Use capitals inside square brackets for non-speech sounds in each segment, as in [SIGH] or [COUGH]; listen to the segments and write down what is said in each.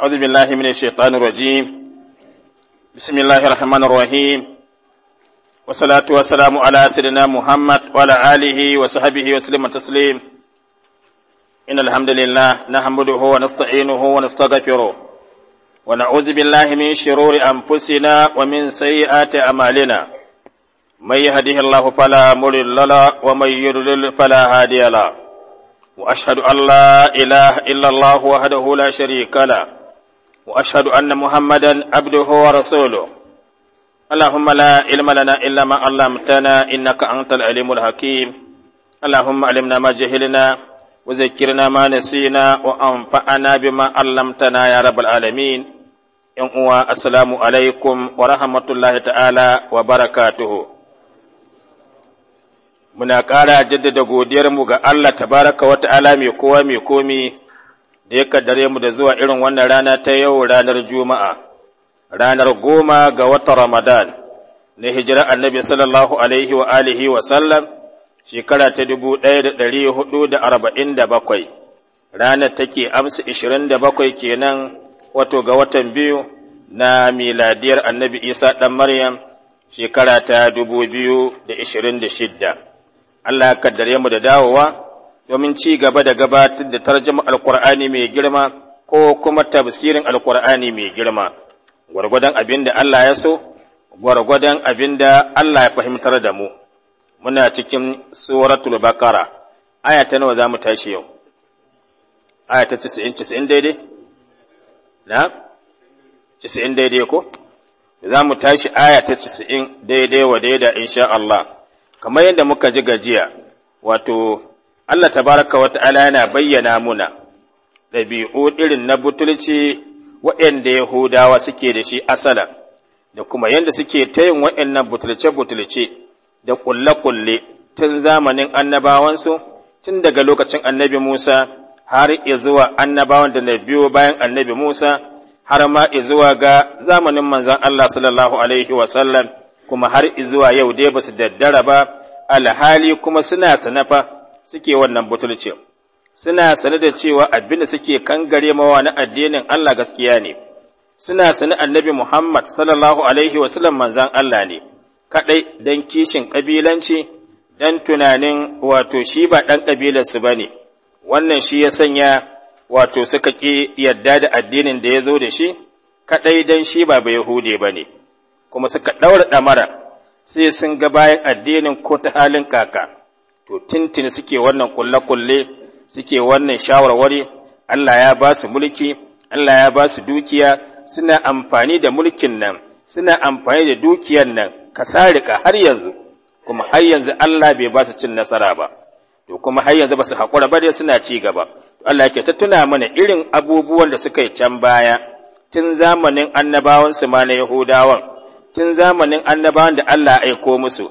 أعوذ بالله من الشيطان الرجيم بسم الله الرحمن الرحيم والصلاة والسلام على سيدنا محمد وعلى آله وصحبه وسلم تسليم إن الحمد لله نحمده ونستعينه ونستغفره ونعوذ بالله من شرور أنفسنا ومن سيئات أعمالنا من يهده الله فلا مضل له ومن يضلل فلا هادي له وأشهد أن لا إله إلا الله وحده لا شريك له وأشهد أن محمدا عبده ورسوله اللهم لا علم لنا إلا ما علمتنا إنك أنت العليم الحكيم اللهم علمنا ما جهلنا وذكرنا ما نسينا وأنفعنا بما علمتنا يا رب العالمين ‘Yan uwa, Assalamu alaikum wa rahmatullahi ta'ala wa barakatuhu. Muna ƙara jaddada godiyarmu ga Allah tabaraka wa ta'ala mai kowa mai komi, da ya kaddare mu da zuwa irin wannan rana ta yau ranar Juma'a, ranar goma ga wata Ramadan, na hijira annabi sallallahu Alaihi wa alihi wa sallam, shekara ta dubu ɗaya da ɗari hudu da arba'in da bakwai, ranar take amsa ishirin da bakwai kenan wato ga watan biyu na miladiyar annabi Isa ɗan Maryam, shekara ta dubu biyu da ishirin da shidda. Allah ya kaddare mu da dawowa. domin ci gaba da gabatar da tarjama alkur'ani mai girma ko kuma tafsirin alkur'ani mai girma gwargwadon abin da Allah ya so gwargwadon abin da Allah ya fahimtar da mu muna cikin suratul bakara aya ta nawa zamu tashi yau aya ta 90 daidai na 90 daidai ko zamu tashi aya ta 90 daidai wa daidai insha Allah kamar yadda muka ji gajiya wato Allah tabaraka wa ta'ala yana bayyana muna ɗabi'u irin na butulci waɗanda Yahudawa suke da shi asala da kuma yadda suke ta yin waɗannan butulce-butulce da ƙulle-ƙulle tun zamanin annabawansu tun daga lokacin annabi Musa har zuwa annabawan da na biyo bayan annabi Musa har ma zuwa ga zamanin manzon Allah sallallahu alaihi wasallam kuma har zuwa yau dai ba su daddara ba alhali kuma suna sanafa suke wannan butulci suna sane da cewa abin da suke kangare mawa na addinin Allah gaskiya ne suna sane annabi Muhammad sallallahu alaihi wa sallam manzan Allah ne kadai dan kishin kabilanci dan tunanin wato shi ba dan kabilarsu bane wannan shi ya sanya wato suka ki yadda da addinin da ya zo da shi kadai dan shi ba ba Yahude bane kuma suka daura damara sai sun ga bayan addinin ko ta halin kaka to tintini suke wannan kulle-kulle suke wannan shawarwari Allah ya ba su mulki Allah ya ba su dukiya suna amfani da mulkin nan suna amfani da dukiyar nan ka sarika har yanzu kuma har yanzu Allah bai ba su cin nasara ba to kuma har yanzu ba su haƙura ba dai suna ci gaba Allah ke ta tuna mana irin abubuwan da suka yi can baya tun zamanin annabawan su ma na Yahudawan tun zamanin annabawan da Allah ya aiko musu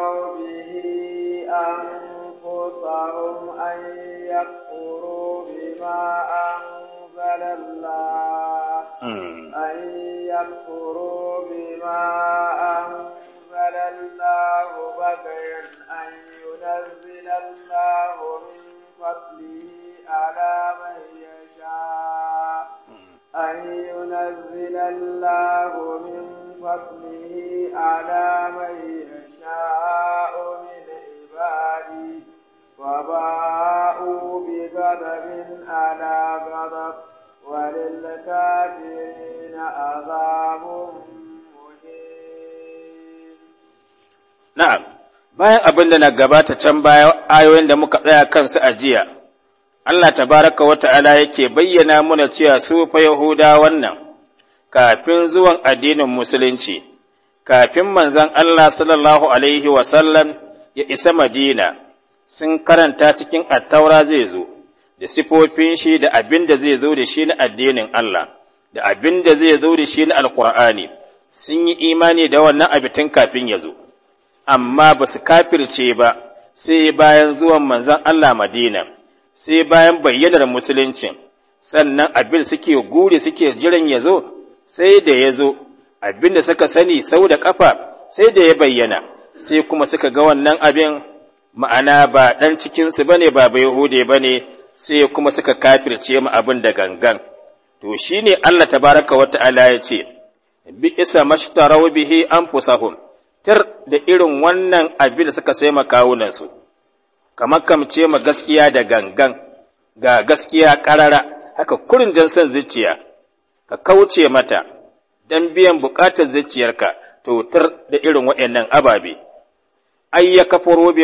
لهم أن يكفروا بما أنزل الله أن يكفروا بما أنزل الله بغيا أن ينزل الله من فضله على من يشاء أن ينزل الله من فضله على من يشاء من عباده وباءوا بغضب على غضب وللكافرين عذاب Na'am, bayan abin da na gabata can baya ayoyin da muka tsaya kansu a jiya, Allah tabaraka wa ta'ala yake bayyana muna cewa su fa Yahuda wannan, kafin zuwan addinin Musulunci, kafin manzon Allah sallallahu Alaihi wasallam ya isa Madina, sun karanta cikin attaura zai zo, da sifofin shi da abin da zai zo da shi na addinin Allah, da abin da zai zo da shi na alkur'ani sun yi imani da wannan abitin kafin ya zo, amma ba su kafirce ba sai bayan zuwan manzon Allah Madina, sai bayan bayyanar musuluncin, sannan abin suke gure suke jiran ya zo, sai da ya zo, abin da suka sani sau da ƙafa sai da ya bayyana, sai kuma suka ga wannan abin ma'ana ba ɗan cikinsu ba ne ba bai hude ba ne sai kuma suka kafirce mu abin da gangan to shi ne Allah baraka wa ta'ala ya ce bi isa mashtarau bihi anfusahum tir da irin wannan abin da suka sai makawunansu kamar kamce ma gaskiya da gangan ga gaskiya karara haka kurin jan son zuciya ka kauce mata dan biyan buƙatar zuciyarka to tir da irin waɗannan ababe ay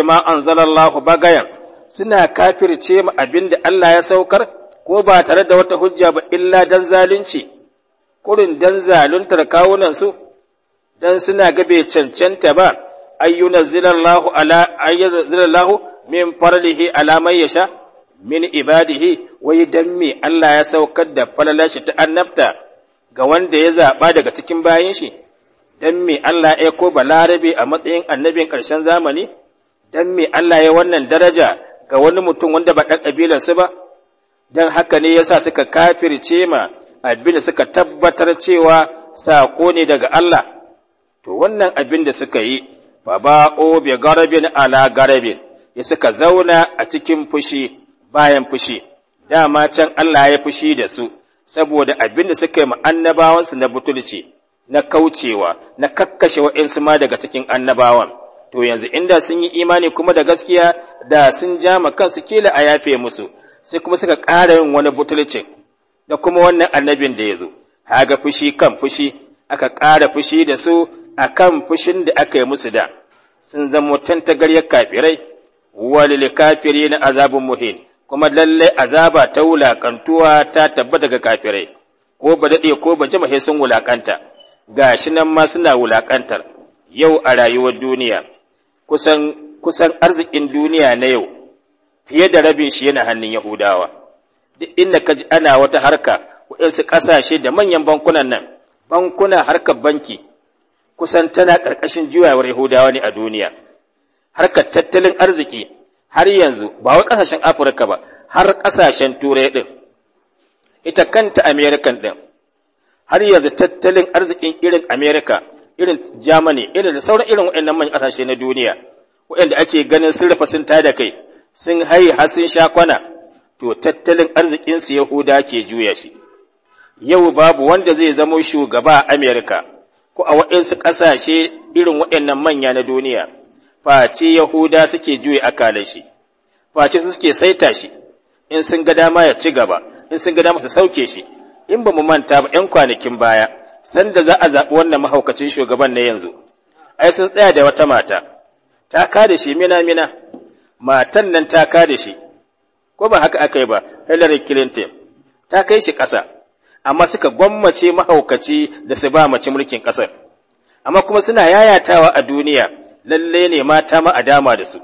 ma an anzalallahu bagayan suna kafirce mu abinda Allah ya saukar ko ba tare da wata hujja ba illa dan zalunci kurin dan zaluntar kawunan su dan suna ga bai cancanta ba ayyunazzilallahu ala ayyunazzilallahu min farlihi ala man yasha min ibadihi wai dan me Allah ya saukar da falalashi ta annabta ga wanda ya zaba daga cikin bayin shi dan me Allah ya ko balarabe a matsayin annabin ƙarshen zamani dan me Allah ya wannan daraja ga wani mutum wanda ba ɗan ƙabilarsu ba dan haka ne yasa suka kafirce ma abin da suka tabbatar cewa saƙo ne daga Allah to wannan abin da suka yi fa o bi garabin ala garabin ya suka zauna a cikin fushi bayan fushi dama can Allah ya fushi da su saboda abin da suka yi ma annabawansu na butulci na kaucewa na kakkashe wa'insu ma daga cikin annabawan to yanzu inda sun yi imani kuma da gaskiya da sun ja ma kansu kila a yafe musu sai kuma suka ƙara yin wani butulcin da kuma wannan annabin da ya zo haga fushi kan fushi aka ƙara fushi da su a kan fushin da aka yi musu da sun zama ya kafirai walil kafiri na azabin muhin kuma lallai azaba ta wulakantuwa ta tabbata ga kafirai ko ba daɗe ko ba jima sun wulakanta ga shi nan ma suna wulaƙantar yau a rayuwar duniya kusan kusan arzikin duniya na yau fiye da rabin shi yana hannun yahudawa duk inda ka ji ana wata harka waɗansu ƙasashe da manyan bankunan nan bankuna harkar banki kusan tana ƙarƙashin juyawar yahudawa ne a duniya harkar tattalin arziki har yanzu ba wai ƙasashen afirka ba har ƙasashen turai ɗin ita kanta american ɗin har yanzu tattalin arzikin irin Amerika, irin Germany, irin da sauran irin waɗannan manyan ƙasashe na duniya, waɗanda ake ganin sun rufa sun tada kai, sun haye har sun to tattalin arzikinsu Yahuda ke juya shi. Yau babu wanda zai zama shugaba a Amerika, ko a waɗansu ƙasashe irin waɗannan manya na duniya, face Yahuda suke juya akalar shi, face suke saita shi, in sun ga dama ya ci gaba, in sun ga dama su sauke shi, in ba mu manta ba 'yan kwanakin baya sanda za a zaɓi wannan mahaukacin shugaban na yanzu ai sun tsaya da wata mata ta kada shi mina mina matan nan ta kada shi ko ba haka aka yi ba Hillary Clinton ta kai shi ƙasa amma suka gwammace mahaukaci da su ba mace mulkin ƙasar amma kuma suna yayatawa a duniya lalle ne mata ma a dama da su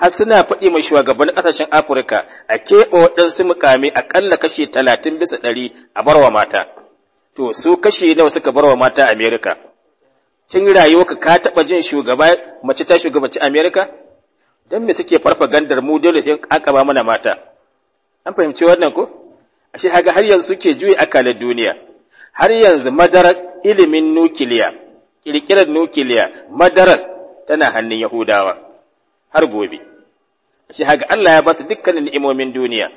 har suna faɗi mai shugaban ƙasashen Afirka a keɓe waɗansu mukami aƙalla kashe talatin bisa ɗari a barwa mata. To, su kashe nawa suka barwa mata Amerika. Cin rayuwa ka taɓa jin shugaba mace ta shugabanci Amerika? Don me suke farfa gandar mu dole sai aka ba mana mata. An fahimci wannan ko? Ashe haga har yanzu suke juye akalar duniya. Har yanzu madarar ilimin nukiliya, ƙirƙirar nukiliya, madarar tana hannun Yahudawa. Har gobe. shi haka Allah ya ba su dukkanin ni'imomin duniya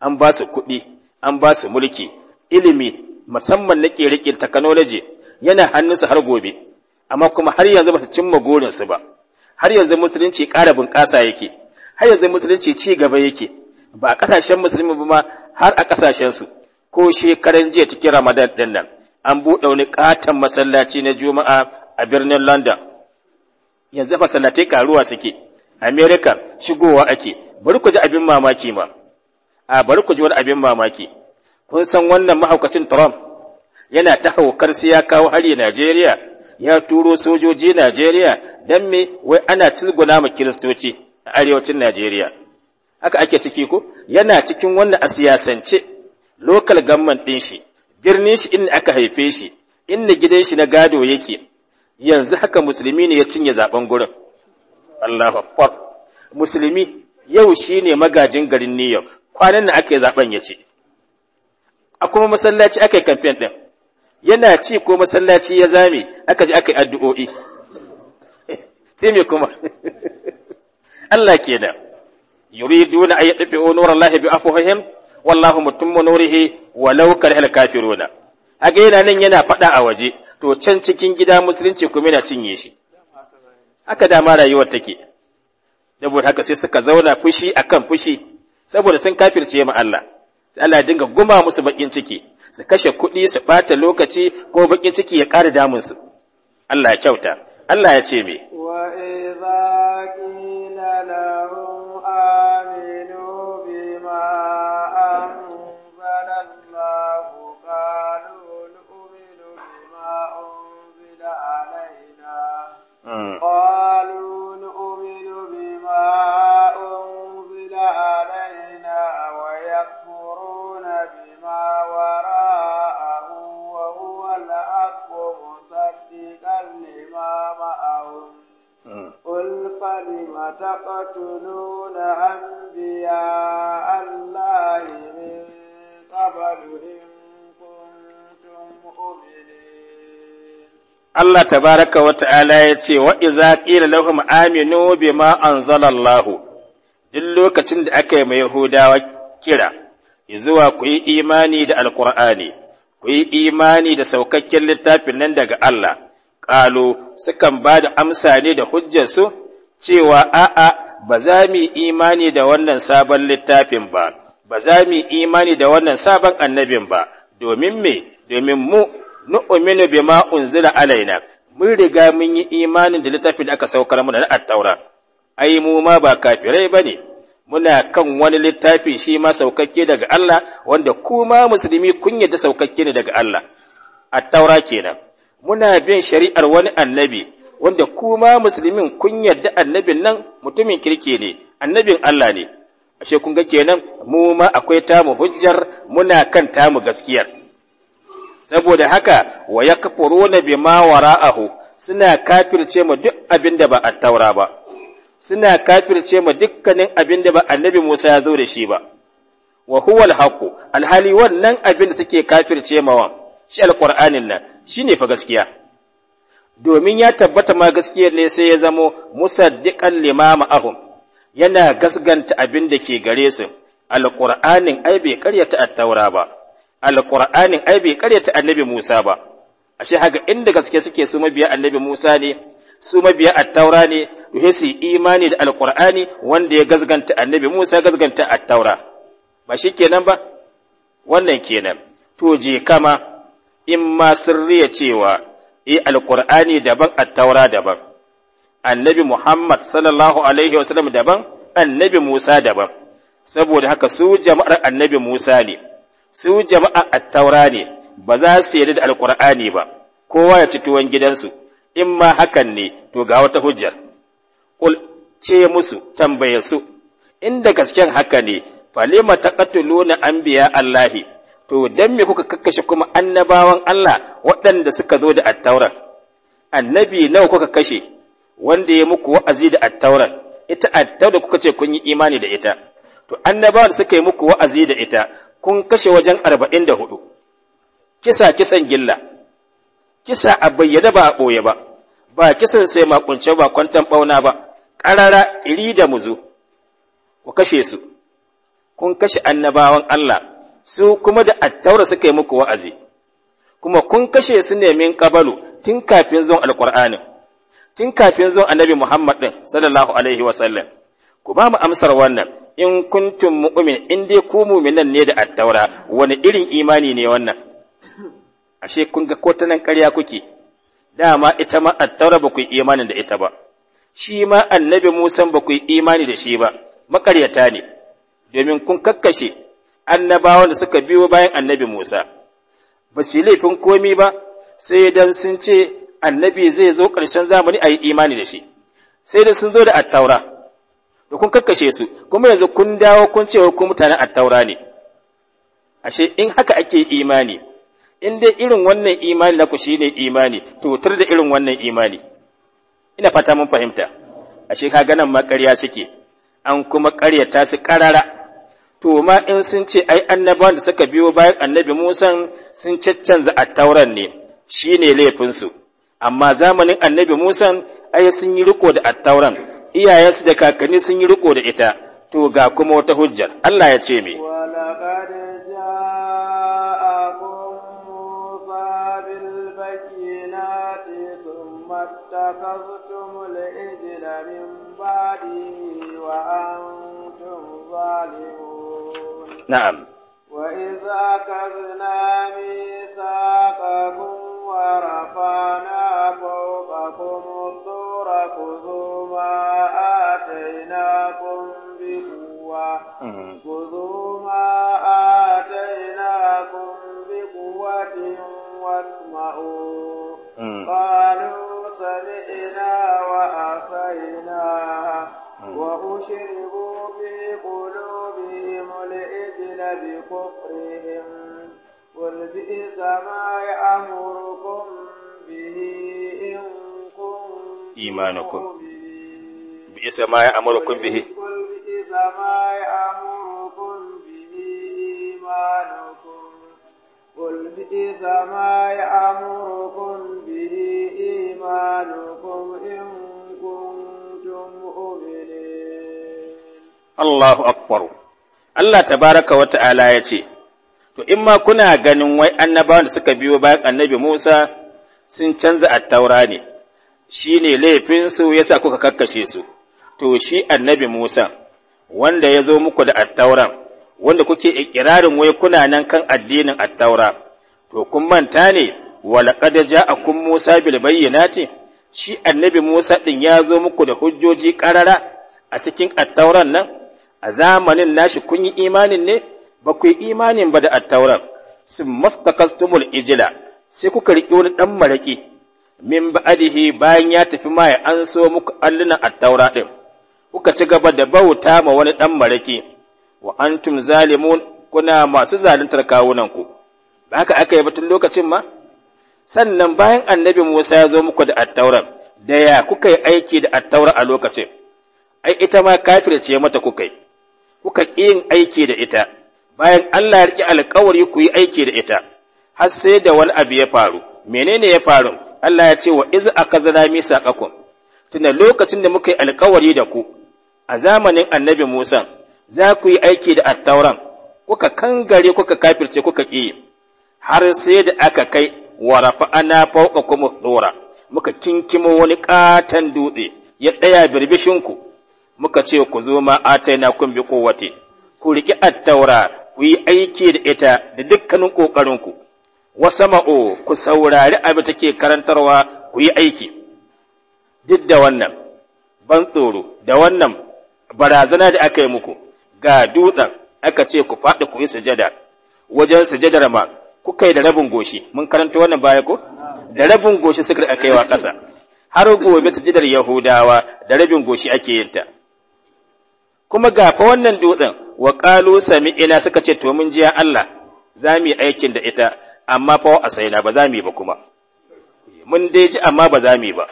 an ba su kuɗi an ba su mulki ilimi musamman na ƙirƙir technology yana hannunsu har gobe amma kuma har yanzu ba su cimma su ba har yanzu musulunci ƙara bunƙasa yake har yanzu musulunci ci gaba yake ba a ƙasashen musulmi ba har a ƙasashensu ko shekaran jiya cikin ramadan ɗin nan an buɗe wani ƙaton masallaci na juma'a a birnin london yanzu masallatai karuwa suke amerika shigowa ake bari ku ji abin mamaki ma a bari ku ji wani abin mamaki kun san wannan mahaukacin trump yana ta haukar sai ya kawo hari najeriya ya turo sojoji najeriya don me wai ana tilguna ma kiristoci a arewacin najeriya haka ake ciki ko yana cikin wannan a siyasance lokal gamman ɗin shi birnin shi inda aka haife shi inda gidan shi na gado yake yanzu haka musulmi ne ya cinye zaben gurin Allahu akbar musulmi yau shi ne magajin garin New York kwanan nan ake zaben ya ce. a kuma masallaci aka yi campaign din yana ci ko masallaci ya zame aka ji aka yi addu'o'i [LAUGHS] sai me kuma [LAUGHS] Allah ke da kenan yuriduna ay yadfi'u nurallahi bi afwahihim wallahu mutummu nurihi walau karihal kafiruna ga yana nan yana fada a waje to can cikin gida musulunci kuma yana cinye shi haka dama rayuwar take saboda haka sai suka zauna fushi a kan fushi saboda sun kafirce ma Allah sai Allah ya dinga guma musu bakin ciki su kashe kuɗi su ɓata lokaci ko bakin ciki ya ƙara damun su Allah ya kyauta Allah ya ce me wa idza qila يقتلون أنبياء الله من قبل إن كنتم مؤمنين الله تبارك وتعالى يتي وإذا قيل لهم آمنوا بما أنزل الله duk lokacin da aka yi mai Yahudawa kira, zuwa ku yi imani da Alƙur'ani, ku yi imani da saukakken littafin nan daga Allah, ƙalo sukan ba da amsa ne da hujjarsu cewa a'a ba za mu imani da wannan sabon littafin ba, ba za mu imani da wannan sabon annabin ba, domin me, domin mu nu'minu bima unzila alaina, mun riga mun yi imanin da littafin da aka saukar mana na attaura, ai mu ma ba kafirai ba ne, muna kan wani littafi shi ma saukakke daga Allah, wanda kuma musulmi kunya da saukakke ne daga Allah, attaura kenan. Muna bin shari'ar wani annabi, wanda kuma musulmin kun yarda annabin nan mutumin kirki ne annabin Allah ne ashe kun ga kenan mu ma akwai tamu hujjar muna kan tamu gaskiyar saboda haka wa yakfuruna bima wara'ahu suna kafirce mu duk abin da ba attaura ba suna kafirce mu dukkanin abin da ba annabi Musa ya zo da shi ba wa huwa alhaqu alhali wannan abin da suke kafirce mawa shi alqur'anin nan shine fa gaskiya domin ya tabbata ma gaskiyar ne sai ya zamo musaddiqan limama ahum yana gasganta abin da ke gare su alqur'anin ai bai ƙaryata at-taura ba alqur'anin ai bai ƙaryata annabi Musa ba ashe haka inda gaske suke su mabiya annabi Musa ne su mabiya at ne to su imani da alqur'ani wanda ya gasganta annabi Musa gasganta at-taura ba shikenan ba wannan kenan to je kama in ma sirriya cewa e alqur'ani daban at-taura daban annabi muhammad sallallahu alaihi wasallam daban annabi musa daban saboda haka su jama'ar annabi musa ne su jama'a attaura taura ne ba za su yarda da alqur'ani ba kowa ya ci tuwon gidansu in ma hakan ne to ga wata hujjar kul ce musu tambaye su in da gasken haka ne falima taqatuluna anbiya allahi to dan me kuka kakkashe kuma annabawan Allah waɗanda suka zo da attauran annabi nawa kuka kashe wanda ya muku wa'azi da attauran ita attauran kuka ce kun yi imani da ita to annabawan da suka yi muku wa'azi da ita kun kashe wajen arba'in da hudu kisa kisan gilla kisa a bayyana ba a ɓoye ba ba kisan sai makunce ba kwantan bauna ba ƙarara iri da muzu ku kashe su kun kashe annabawan Allah su kuma da attaura suka yi muku wa'azi kuma kun kashe su ne min ƙabalu tun kafin zuwan alƙur'anin tun kafin zuwan annabi muhammad ɗin sallallahu alaihi wasallam ku ba mu amsar wannan in kuntum mu'min in dai ku mu'minan ne da attaura wani irin imani ne wannan [COUGHS] ashe kun ga ko ta nan ƙarya kuke dama ita ma attaura ba ku yi imanin da ita ba shi ma annabi Musa ba ku yi imani da shi ba maƙaryata ne domin kun kakkashe annabawan da suka biyo bayan annabi Musa ba su laifin komi ba sai dan sun ce annabi zai zo ƙarshen zamani a yi imani da shi sai da sun zo da attaura da kun kakkashe su kuma yanzu kun dawo kun cewa ku mutanen attaura ne ashe in haka ake imani in dai irin wannan imani na ku shine imani to tur da irin wannan imani ina fata mun fahimta ashe ka nan makarya suke an kuma ƙaryata su ƙarara to ma in sun ce ai annabawan da suka biyo bayan annabi musan sun caccanza attauran ne shine laifinsu amma zamanin annabi Musa ai sun yi riko da attauran iyayensu da kakanni sun yi riko da ita to ga kuma wata hujjar Allah ya ce mai بالبينات ثم اتخذتم العجل من بعده وأنتم ظالمون نعم وإذا أخذنا ميثاقكم ورفعنا فوقكم الطور خذوا ما آتيناكم بقوة خذوا ما آتيناكم بقوة واسمعوا قالوا سمعنا وعصينا وأشربوا في قلوبهم الإجل بكفرهم قل بئس ما يأمركم به إن كنتم إيمانكم بئس ما يأمركم به قل بئس ما يأمركم قل بئس ما يأمركم به إيمانكم إن كنتم مؤمنين الله أكبر الله تبارك وتعالى يتي To, in ma kuna ganin wai annabawan da suka biyo bayan annabi Musa sun canza attaura ne, shi ne laifinsu ya sa kuka kakkashe su, to, shi annabi Musa, wanda ya zo muku da attauran, wanda kuke ikirarin wai kuna nan kan addinin attaura to kun manta ne walaqad ja'akum Musa bil bayyinati shi annabi Musa din ya zo muku da hujjoji karara a cikin attauran nan a zamanin nashi kun yi imanin ne ba ku yi imanin ba da attauran sun maftakastumul ijila sai kuka riƙe wani ɗan maraƙi min ba'adihi bayan ya tafi maye an so muku allunan attaura ɗin kuka ci gaba da bauta ma wani ɗan maraƙi wa antum zalimun kuna masu zaluntar kawunanku ba haka aka yi batun lokacin ma sannan bayan annabi Musa ya zo muku da attauran da ya kuka yi aiki da attaura a lokacin ai ita ma ce mata kuka yi kuka yin aiki da ita bayan Allah ya riki alƙawari ku yi aiki da ita har sai da wani abu ya faru menene ya faru Allah ya ce wa iz akazana misaqakum tunda lokacin da muka yi alƙawari da ku a zamanin annabi Musa za ku yi aiki da attauran kuka kangare kuka kafirce kuka ƙi har sai da aka kai wa ana fauka kuma dora muka kinkimo wani ƙatan dutse ya tsaya birbishinku muka ce ku zo ma ataina kun bi kowace ku riki attaura ku yi aiki da ita da dukkanin ƙoƙarinku wasa ma'o ku saurari abin take karantarwa ku yi aiki duk da wannan ban tsoro da wannan barazana da aka yi muku ga dutsen aka ce ku faɗi ku yi sujada wajen sujadar ma kuka yi da rabin goshi mun karanta wannan baya ko da rabin goshi suka aka yi wa ƙasa har gobe sujadar yahudawa da rabin goshi ake yin ta kuma ga fa wannan dutsen wa qalu sami'ina suka ce to mun ji Allah za mu yi aikin da ita amma fa a na ba za mu yi ba kuma mun dai ji amma ba za mu yi ba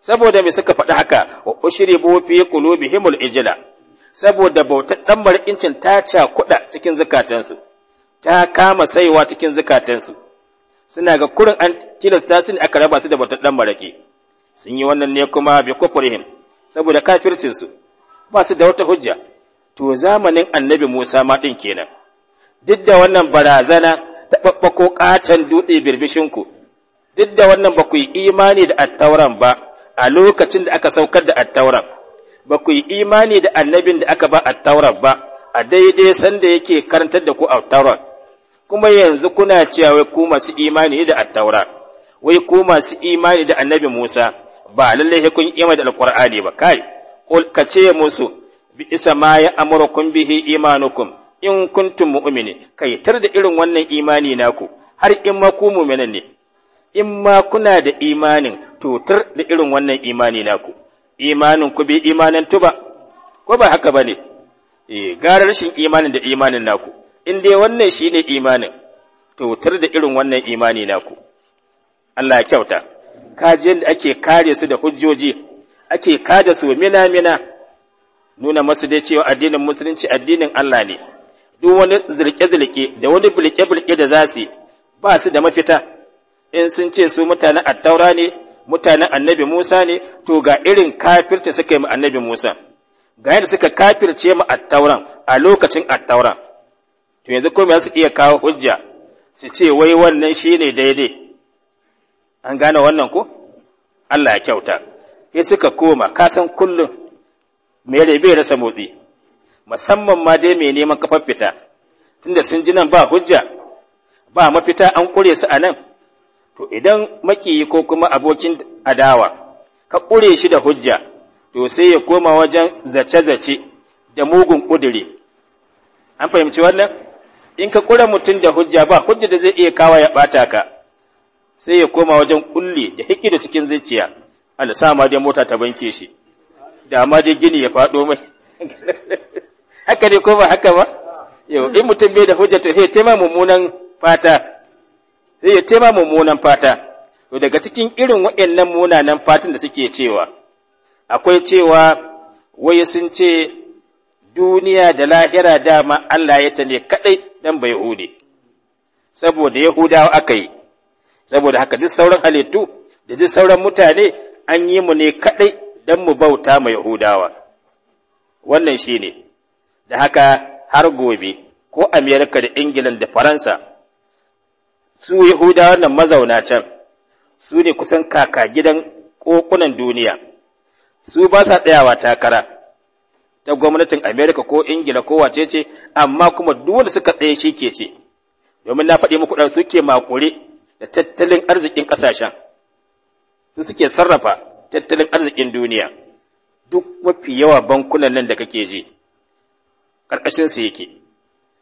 saboda me suka faɗi haka wa ushribu fi qulubihimul ijla saboda bautar ɗan marikincin ta ca kuɗa cikin zukatansu, ta kama saiwa cikin zukatansu, suna ga kurin an tilasta su ne aka raba su da bautar ɗan maraƙi. Sun yi wannan ne kuma bi kufurihim, saboda kafircinsu, ba su da wata hujja, to zamanin annabi Musa ma ɗin kenan. Duk da wannan barazana ta ko ƙaton dutse birbishinku, duk da wannan ba ku yi imani da attauran ba a lokacin da aka saukar da attauran. ba ku yi imani da annabin da aka ba a taurat ba a daidai sanda yake karantar da ku a taurat kuma yanzu kuna cewa wai ku masu imani da a attaura wai ku masu imani da annabi Musa ba lallai kun imani da alkur'ani ba kai ka ce musu bi isa ma ya amurukum bihi imanukum in kuntum mu'mini kai tar da irin wannan imani naku har in ma ku mu'minan ne in ma kuna da imanin to da irin wannan imani naku imanin ku bi imanin tuba ko ba haka bane eh gara rashin imanin da imanin naku in dai wannan shine imanin to tar da irin wannan imani naku Allah ya kyauta kajin da ake kare su da hujjoji ake kada su mina mina nuna masu dai cewa addinin musulunci addinin Allah ne duk wani zirke-zirke da wani bilke-bilke da za su ba su da mafita in sun ce su mutanen attaura ne mutanen annabi Musa ne to ga irin kafircin suka yi annabi Musa ga yadda suka kafirce a attauran a lokacin attauran to yanzu kuma su iya kawo hujja su ce wai wannan shi ne daidai an gane wannan ko Allah ya kyauta sai suka koma kasan san kullum me bai rasa motsi musamman ma dai mai neman kafar fita tunda sun ji nan ba hujja ba mafita an kure su a nan to idan makiyi ko kuma abokin adawa ka ƙure shi da hujja to sai ya koma wajen zace-zace da mugun ƙudure an fahimci wannan in ka ƙure mutum da hujja ba hujja da zai iya kawa ya ɓata ka sai ya koma wajen ƙulle da da cikin zuciya Allah sa ma dai mota ta banke shi da ma dai gini ya faɗo mai [LAUGHS] haka ne ko ba haka ba yau in mutum bai da hujja to sai taimaka mummunan fata sai ya tema mummunan fata to daga cikin irin waɗannan munanan fatan da suke cewa akwai cewa wai sun ce duniya da lahira dama Allah ya ta ne kaɗai dan bai hude saboda yahudawa aka yi saboda haka duk sauran halittu da duk sauran mutane an yi mu ne kaɗai dan mu bauta ma yahudawa wannan shine da haka har gobe ko amerika da ingilan da faransa su Yahudawa nan mazauna can, su ne kusan kaka gidan ƙoƙunan duniya, su ba sa tsayawa takara ta gwamnatin Amerika ko Ingila ko wace ce, amma kuma dole suka tsaye shi ke ce, domin na faɗi muku ɗan suke makure da tattalin arzikin ƙasashen, su suke sarrafa tattalin arzikin duniya, duk mafi yawa bankunan nan da kake ji, ƙarƙashinsu yake,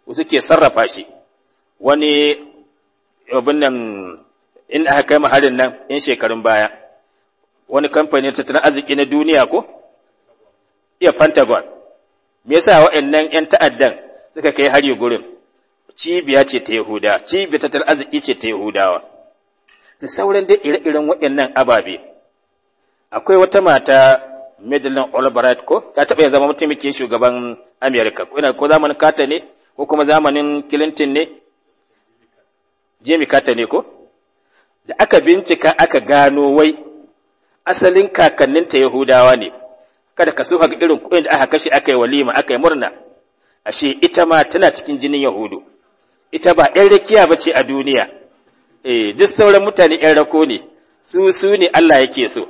su suke sarrafa shi, wani abin nan in aka kai harin nan in shekarun baya wani kamfanin tattalin arziki na duniya ko iya pentagon me yasa waɗannan 'yan ta'addan suka kai hari gurin cibiya ce ta yahuda cibiyar tattalin arziki ce ta yahudawa da sauran dai ire-iren waɗannan ababe akwai wata mata Madeleine Albright ko ta taɓa ya zama mutumin shugaban Amerika ko ina ko zamanin Carter ne ko kuma zamanin Clinton ne je kata ne ko da aka bincika aka gano wai asalin kakanninta yahudawa ne kada ka suka irin kuɗin da aka kashe aka yi walima aka yi murna ashe ita ma tana cikin jinin yahudu ita ba ‘yan rakiya ba ce a duniya eh duk sauran mutane ‘yan rako ne su su ne Allah yake so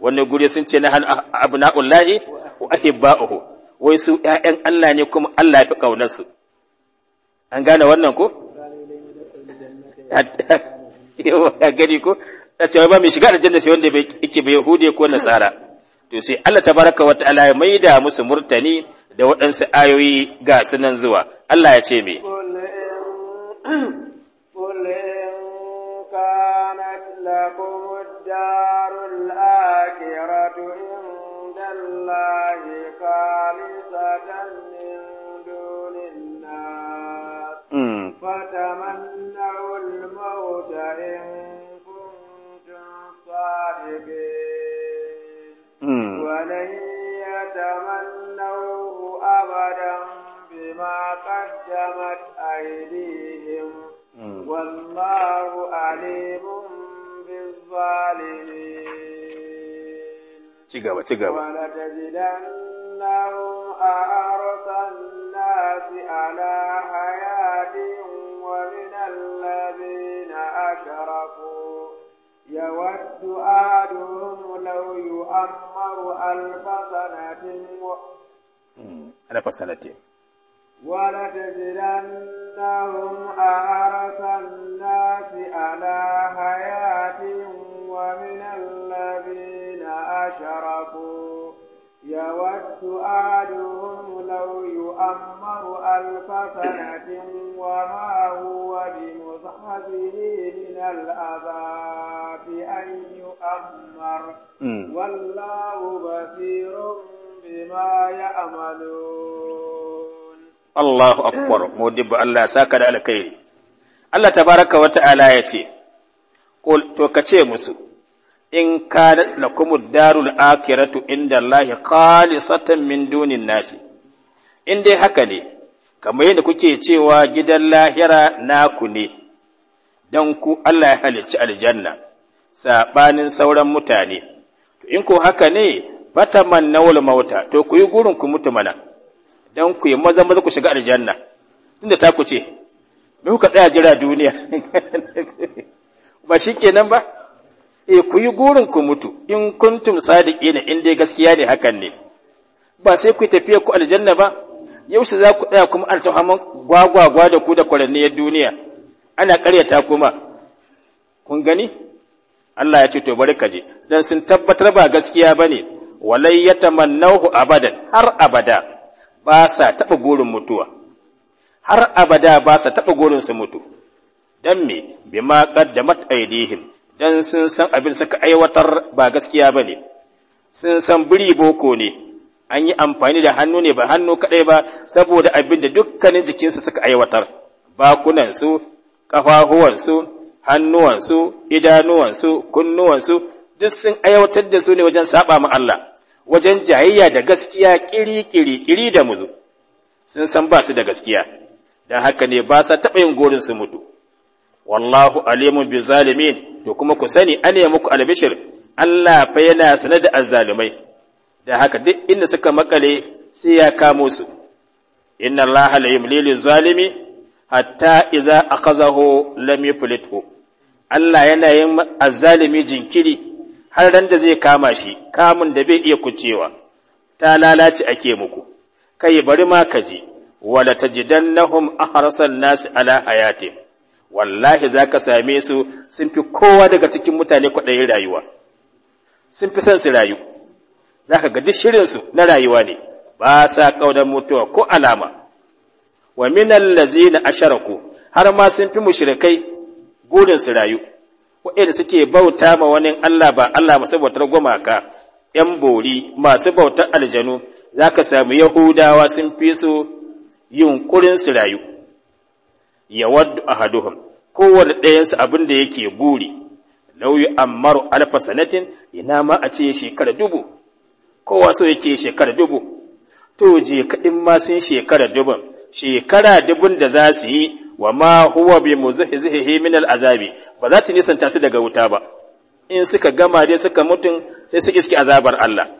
wani guri sun ce na hannu ah, ullahi wa ahibba'uhu wai su ‘ya'yan Allah ne kuma Allah ya fi ƙaunarsu an gane wannan ko a gani ko a cewa ba mai shiga da jannati wanda yake bai yahude ko nasara to sai Allah tabaraka wa ta'ala ya maida musu murtani da waɗansu ayoyi ga sunan zuwa Allah ya ce me فتمنوا الموت إن كنتم صادقين ولن يتمنوه أبدا بما قدمت أيديهم والله عليم بالظالمين ولتجدنهم أحرص الناس على حياتهم ومن الذين أشركوا يود أحدهم لو يؤمر ألف سنة و... ألف سنة ولتجدنهم أحرص الناس على حياة ومن الذين أشركوا يود أحدهم لو يؤمر ألف سنة وما هو بمصحبه من العذاب أن يؤمر والله بصير بما يعملون الله أكبر مدب الله ساكن على كيري الله تبارك وتعالى يتي قل توكتي مسلم in kanat lakumud darul akhiratu inda Allah khalisatan min dunin nasi in dai haka ne kamar yadda kuke cewa gidan lahira naku ne dan ku Allah ya halicci aljanna saɓanin sauran mutane to in ko haka ne fataman nawal mauta to ku yi gurin ku mutu mana dan ku yi maza maza ku shiga aljanna tunda ta ku ce me kuka tsaya jira duniya ba shi kenan ba e ku yi gurin ku mutu in kuntum sadiqina in dai gaskiya ne hakan ne ba sai ku tafiya ku aljanna ba yaushe za ku tsaya kuma altahaman gwagwagwa da ku da kwaranniyar duniya ana karyata kuma kun gani Allah ya ce to bari ka je dan sun tabbatar ba gaskiya bane walai yatamannahu abadan har abada ba sa taba gurin mutuwa har abada ba sa taba gurin su mutu dan me bima qaddamat aidihim dan sun san abin suka aiwatar ba gaskiya ba ne sun san biri boko ne an yi amfani da hannu ne ba hannu kaɗai ba saboda abin da dukkanin jikinsu suka aiwatar bakunansu ƙafafuwansu hannuwansu idanuwansu kunnuwansu duk sun aiwatar da su ne wajen saba ma Allah wajen jayayya da gaskiya kiri kiri kiri da muzu sun san ba su da gaskiya don haka ne ba sa taɓa yin gorin su mutu wallahu alimun bi da kuma ku sani an yi muku albishir Allah fa yana sanar da azzalumai da haka duk inda suka makale sai ya kamo su inna Allah la yumli zalimi hatta idza akhazahu lam yuflithu Allah yana yin azzalumi jinkiri har ran da zai kama shi kamun da bai iya kucewa ta lalace ake muku kai bari ma kaji wala tajidannahum ahrasan nas ala hayatihim wallahi za ka same su sun fi kowa daga cikin mutane kwaɗayin rayuwa sun fi son su rayu za ka gaji shirinsu na rayuwa ne ba sa ƙaunar mutuwa ko alama wa minan na asharaku har ma sun fi mushrikai burin su rayu waɗanda suke bauta ma wani Allah ba Allah masu bautar gumaka ‘yan bori masu bautar aljanu za ka samu yahudawa sun fi su yunƙurin su rayu ya a haduhun. kowane ɗayansu abin da yake buri lauyi ammaru alfa sanatin ina ma a ce shekara dubu kowa so yake shekara dubu to je kaɗin ma sun shekara dubun shekara dubun da za su yi wa ma huwa bi muzhihi min al'azabi ba za ta nisanta su daga wuta ba in suka gama dai suka mutun sai su iski azabar Allah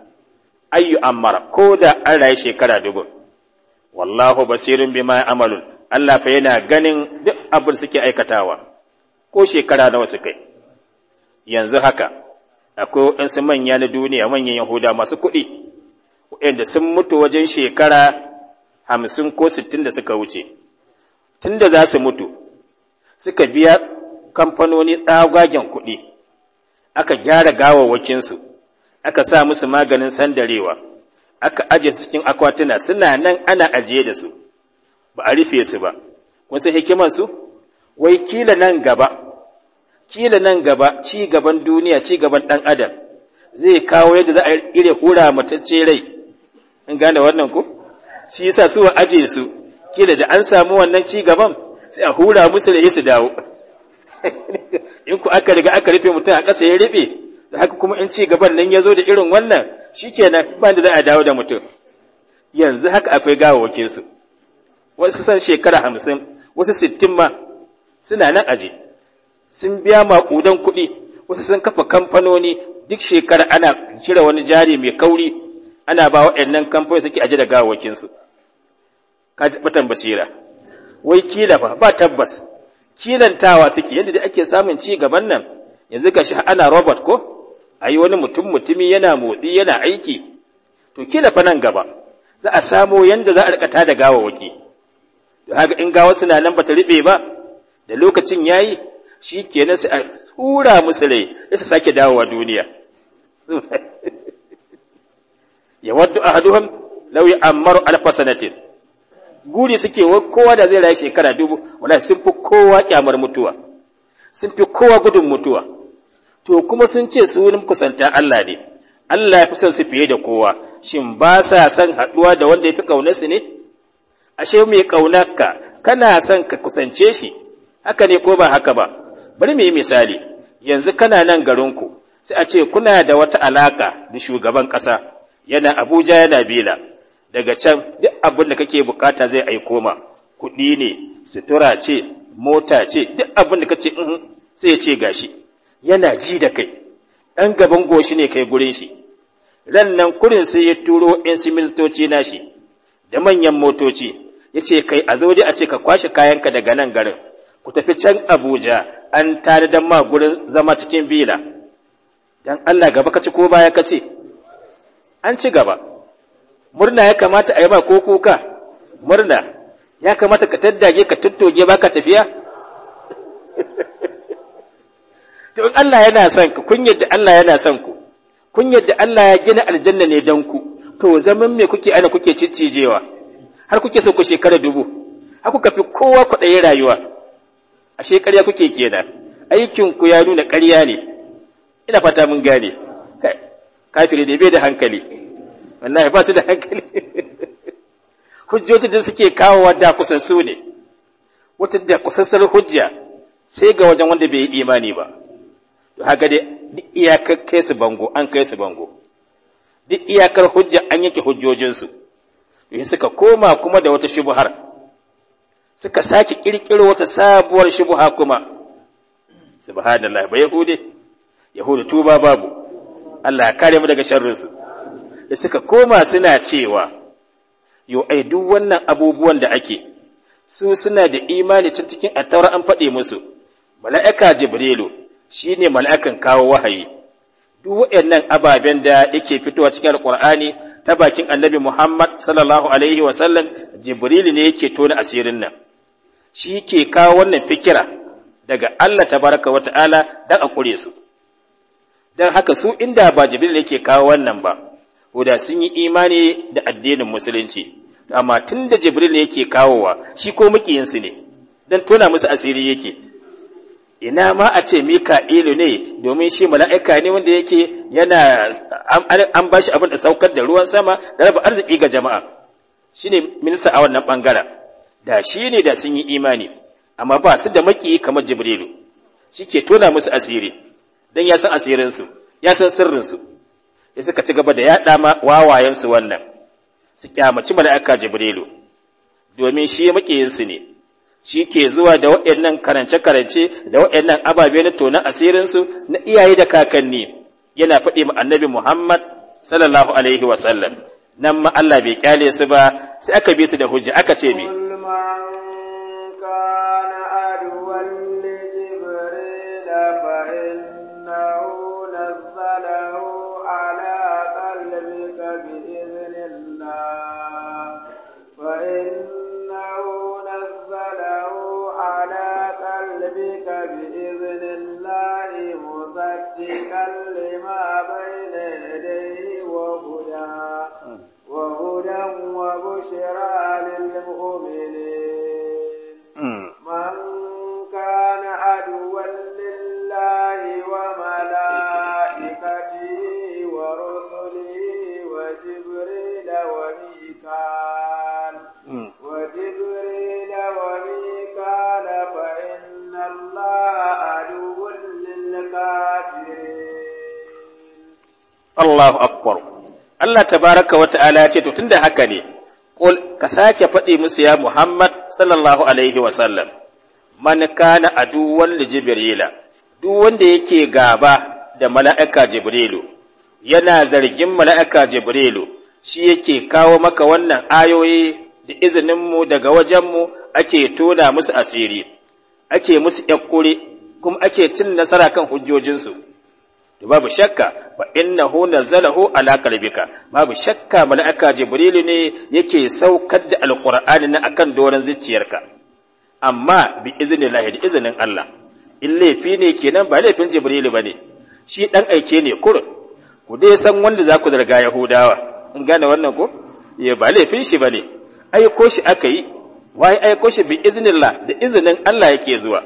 ayyu ammara ko da an rayu shekara dubun wallahu basirin bima amalun Allah fa yana ganin duk abin suke aikatawa ko shekara nawa su kai yanzu haka akwai waɗansu manya na duniya manyan yahuda masu kuɗi waɗanda sun mutu wajen shekara hamsin ko sittin da suka wuce tunda da za su mutu suka biya kamfanoni tsagwagen kuɗi aka gyara gawawwakinsu aka sa musu maganin sandarewa aka aje cikin akwatuna suna nan ana ajiye da su ba a rufe su ba kun san hikimar su wai kila nan gaba kila nan gaba ci gaban duniya ci gaban dan adam zai kawo yadda za a iri hura matacce rai in gane wannan ku shi yasa su aje su kila da an samu wannan ci gaban sai a hura musu da su dawo [LAUGHS] in ku aka riga aka rufe mutum a ƙasa ya rufe da haka kuma in ci gaban nan ya zo da irin wannan shikenan ba da za a dawo da mutum yanzu haka akwai gawawakinsu. su wasu san shekara hamsin wasu sittin ma suna nan aje sun biya maƙudan kuɗi wasu sun kafa kamfanoni duk shekara ana cire wani jari mai kauri ana ba waɗannan kamfanoni suke aje da gawakinsu ka taɓa basira wai kila ba ba tabbas kilantawa suke yadda da ake samun ci gaban nan yanzu ga shi ana robot ko a yi wani mutum mutumi yana motsi yana aiki to kila fa nan gaba za a samo yadda za a rikata da gawawaki haka in ga wasu na nan bata riɓe ba da lokacin yayi shi kenan sai a tsura musu rai sai su sake dawowa duniya [LAUGHS] ya waddu ahaduhum law ya'ammaru alfa alfasanatin. guri suke kowa da zai rayu shekara dubu wallahi sun fi kowa kyamar mutuwa sun fi kowa gudun mutuwa to kuma sun ce su wurin kusantar Allah ne Allah ya fi son su fiye da kowa shin ba sa son haɗuwa da wanda ya fi ƙaunarsu ne ashe mai ƙaunarka kana son ka kusance shi haka ne ko ba haka ba bari mu yi misali yanzu kana nan garin ku. sai a ce kuna da wata alaƙa da shugaban ƙasa yana abuja yana bila daga can duk abin da kake bukata zai aiko ma kuɗi ne sutura ce mota ce duk abin da kace mhm, sai ya ce gashi yana ji da kai ɗan gaban goshi ne kai gurin shi ran nan kurin sai ya turo in similtoci nashi da manyan motoci ya ce kai a zo a ce ka kwashe kayanka daga nan garin ku tafi can abuja an tare don ma gurin zama cikin bila don allah gaba ka ci ko baya ka ce an ci gaba murna ya kamata a yi ma ko kuka murna ya kamata ka taddage ka tuttoge ba ka tafiya [LAUGHS] to in allah yana son ku kun yadda allah yana son ku kun yadda allah ya gina aljanna ne don ku to zaman me kuke ana kuke ciccijewa har kuke so ku shekara dubu har kuka fi kowa kwaɗayin rayuwa a shekarya kuke kenan aikin ku ya nuna ƙarya ne ina fata mun gane kafiri ne bai da hankali wallahi ba su da hankali [LAUGHS] hujjojin da suke kawowa da kusan su ne wata da kusassar hujja sai ga wajen wanda bai yi imani ba to haka dai duk iyakar kai su bango an kai su bango duk iyakar hujja an yake hujjojinsu in suka koma kuma da wata shubuhar suka sake kirkiro wata sabuwar shubuha kuma subhanallah ba yahudi yahudi tuba babu Allah kare mu daga sharrinsu da suka koma suna cewa yo ai duk wannan abubuwan da ake su suna da imani tun cikin attaura an faɗe musu mala'ika jibrilu shine mala'ikan kawo wahayi duk waɗannan ababen da yake fitowa cikin alqur'ani ta bakin annabi Muhammad sallallahu alaihi wasallam Jibril ne yake tona asirin nan shi ke kawo wannan fikira daga Allah tabaraka wa ta'ala dan a kure su dan haka su inda ba Jibril yake kawo wannan ba da sun yi imani da addinin musulunci amma tunda Jibril yake kawowa shi ko makiyin ne dan tona musu asiri yake ina ma a ce mika'ilu ne domin shi mala'ika ne wanda yake yana an bashi abin da saukar da ruwan sama da raba arziki ga jama'a shine minista a wannan bangara da shi ne da sun yi imani amma ba su da maki kamar jibrilu ke tona musu asiri don ya san asirinsu ya san sirrinsu ya suka ci gaba da yaɗa ma wawayensu wannan su kyamaci mala'ika jibrilu domin shi makiyinsu ne shi ke zuwa da waɗannan karance-karance da waɗannan ababe na tonan asirinsu na iyaye da kakanni yana faɗi ma annabi Muhammad sallallahu alaihi wasallam, nan ma Allah bai kyale su ba sai aka bi su da hujja aka ce mai Allahu akbar Allah Ta baraka ta'ala ya ce to da haka ne qul ka sake faɗi musu ya Muhammad sallallahu alaihi wa sallam man kana aduwwan li jibrila duk wanda yake gaba da mala'ika jibrilu yana zargin mala'ika jibrilu shi yake kawo maka wannan ayoyi da izininmu daga wajenmu ake tona musu asiri ake musu yakkuri kuma ake cin nasara kan hujjojinsu babu shakka ba innahu nazzalahu ala qalbika babu shakka mala'ika jibrilu ne yake saukar da alqur'ani na akan doran zuciyarka amma bi iznillahi da izinin Allah in laifi ne kenan ba laifin jibril bane shi dan aike ne kur ku dai san wanda zaku zarga yahudawa in gane wannan ko ya eh, ba laifin shi bane aiko shi aka yi wai aiko shi bi iznillah da izinin Allah yake zuwa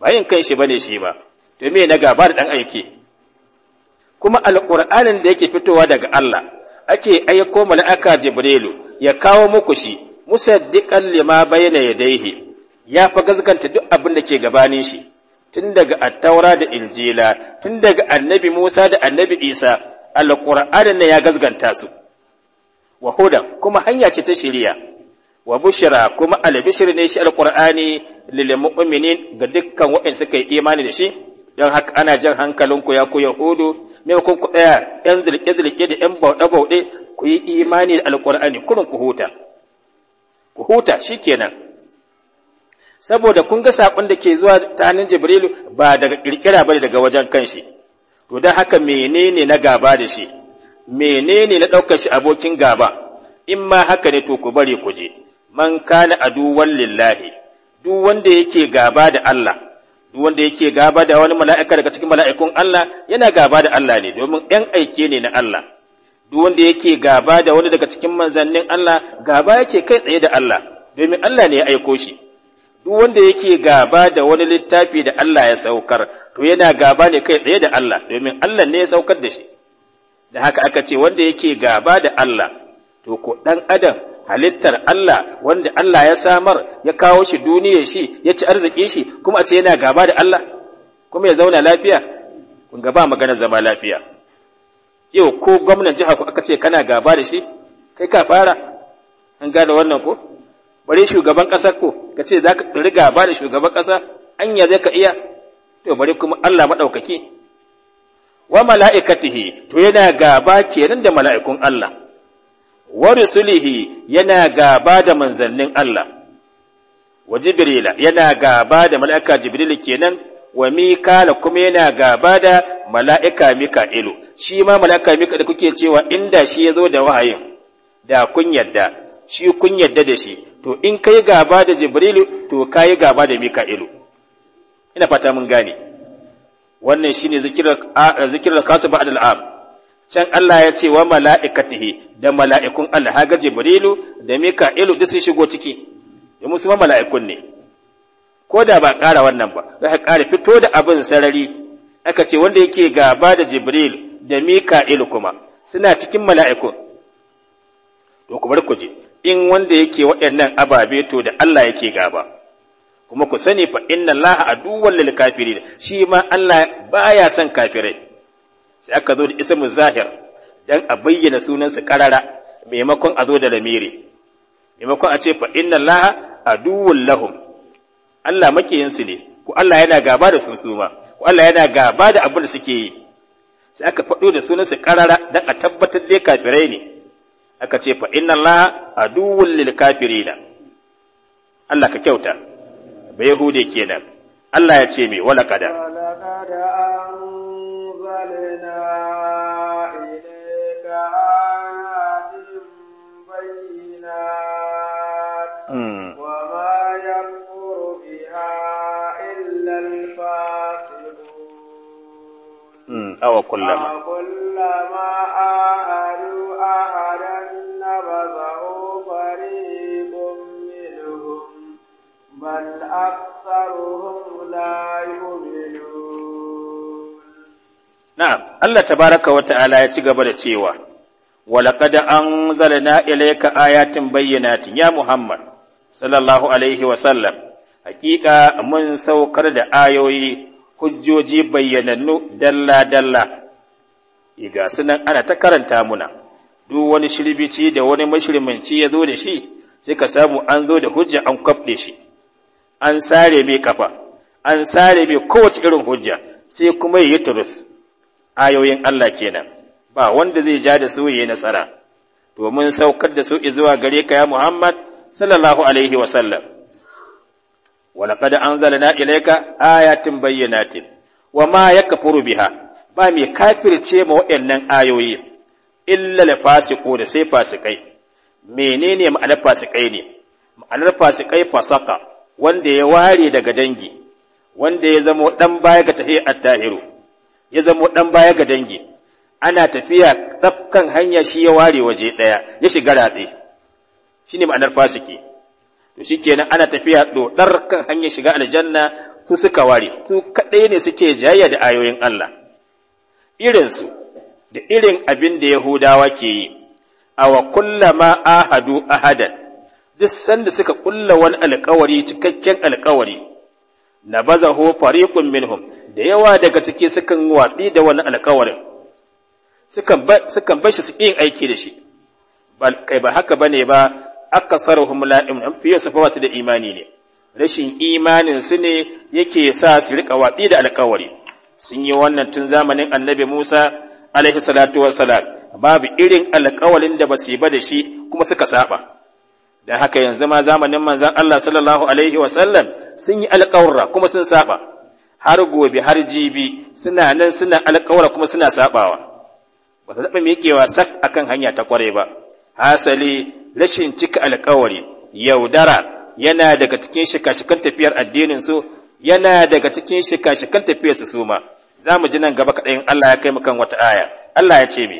bayin kan shi bane shi ba to me na gaba da dan aike kuma alƙur'anin da yake fitowa daga Allah ake aiko mala'aka Jibrilu ya kawo muku shi musaddiqan lima bayna yadayhi ya fa gazganta duk abin da ke gabanin shi tun daga attaura da injila tun daga annabi Musa da annabi Isa alƙur'anin ne ya gazganta su wa huda kuma hanya ce ta shirya. wa bushra kuma albishir ne shi alƙur'ani lil mu'minin ga dukkan waɗanda suka yi imani da shi don haka ana jan hankalinku ya ku yahudu me kun ku tsaya yan zirke-zirke da yan bauɗe-bauɗe ku yi imani da alƙur'ani kurin ku huta ku huta shikenan saboda kun ga saƙon da ke zuwa ta hannun jibrilu ba daga ƙirƙira ba daga wajen kanshi to don haka menene na gaba da shi menene na ɗaukar shi abokin gaba in ma haka ne to ku bari ku je man kana duwan lillahi duk wanda yake gaba da Allah wanda yake gaba da wani mala'ika daga cikin mala'ikun Allah yana gaba da Allah ne domin ‘yan aike ne na Allah, duk wanda yake gaba da wani daga cikin manzannin Allah gaba yake kai tsaye da Allah domin Allah ne ya aiko shi, duk wanda yake gaba da wani littafi da Allah ya saukar to yana gaba ne kai tsaye da Allah domin Allah ne ya saukar da shi, da haka aka ce wanda yake gaba da Allah to ko ɗan adam halittar Allah wanda Allah ya samar ya kawo shi duniyar shi ya ci arziki shi kuma a ce yana gaba da Allah kuma ya zauna lafiya kun ga ba magana zama lafiya yau ko gwamnan jiha ku aka ce kana gaba da shi kai ka fara an gane wannan ko bare shugaban ƙasar ko ka ce za ka riga gaba da shugaban ƙasa ya zai ka iya to bare kuma Allah maɗaukaki wa mala'ikatihi to yana gaba kenan da mala'ikun Allah wa rusulihi yana gaba da manzannin Allah wa jibrila yana gaba da mala'ika jibril kenan wa mikala kuma yana gaba da mala'ika mika'ilu shi ma mala'ika mika da kuke cewa inda shi ya zo da wahayin da kun yadda shi kun yadda da shi to in kai gaba da jibril to kai gaba da mika'ilu ina fata mun gane wannan shine zikirar zikirar kasu ba'dal al'am can Allah ya ce wa mala'ikatihi da mala'ikun Allah haga Jibrilu da Mika'ilu da sun shigo ciki domin su ma mala'ikun ne ko da ba ƙara wannan ba za ka ƙara fito da abin sarari aka ce wanda yake gaba da Jibril da Mika'ilu kuma suna cikin mala'ikun to ku bar ku je in wanda yake waɗannan ababe to da Allah yake gaba kuma ku sani fa inna Allah kafirin shi ma Allah baya son kafirai sai aka zo da ismin zahir dan a bayyana sunansa karara maimakon a zo da lamiri maimakon a ce fa inna laha aduwwul lahum Allah makiyinsu ne ko Allah yana gaba da sun ma ko Allah yana gaba da abin da suke yi sai aka faɗo da sunansa karara dan a tabbatar da kafirai ne aka ce fa inna laha aduwwul lil kafirina Allah ka kyauta bai yahude kenan Allah ya ce mai wala kada أو كلما أو كلما آهلوا أهلا نبذه فريق منهم بل أكثرهم لا يؤمنون na'am Allah ta baraka wata ala ya ci gaba da cewa an walaqad anzalna ilayka ayatin bayyinatin ya Muhammad sallallahu alaihi wa sallam hakika mun saukar da ayoyi hujjoji bayyanannu dalla dalla iga sunan ana ta karanta muna duk wani shirbici da wani mashirminci ya zo da shi sai ka samu an zo da hujja an kwafɗe shi an sare mai kafa an sare mai kowace irin hujja sai kuma yi turus ayoyin Allah kenan ba wanda zai ja da su yi nasara domin saukar da su zuwa gare ka ya Muhammad sallallahu alaihi wa sallam wa laqad anzalna ilayka ayatin bayyinatin wa ma yakfuru biha ba mai kafirce ma waɗannan ayoyi illa la fasiqu da sai fasikai menene ma'anar fasikai ne ma'anar fasikai fasaka wanda ya ware daga dangi wanda ya zama dan baya ga tahiyat tahiru ya zama dan baya ga dangi ana tafiya ɗafkan hanya shi ya ware waje daya ya shiga ratse shine ma'anar fasiki to shikenan ana tafiya ɗoɗar kan hanya shiga aljanna su suka ware su kadai ne suke jayya da ayoyin Allah irinsu. da irin abin da Yahudawa ke yi a wa kullama ahadu ahadan duk sanda suka kulla wani alkawari cikakken alkawari nabazahu fariqun minhum da yawa daga ciki sukan watsi da wani alƙawarin sukan bar shi su yin aiki da shi bal kai ba haka bane ba akasaruhum la an fiye su da imani ne rashin imanin su ne yake sa su rika watsi da alƙawari sun yi wannan tun zamanin annabi Musa alaihi salatu wassalam babu irin alƙawarin da basu yi ba da shi kuma suka saba da haka yanzu ma zamanin manzon Allah sallallahu alaihi wa sallam sun yi alƙawra kuma sun saba har gobe har jibi suna nan suna alƙawra kuma suna sabawa ba ta taɓa miƙewa sak akan hanya ta kware ba hasali rashin cika alƙawari yaudara yana daga cikin shika-shikan tafiyar addinin su yana daga cikin shika-shikan tafiyar su suma za mu ji nan gaba kaɗai Allah ya kai mu kan wata aya Allah ya ce me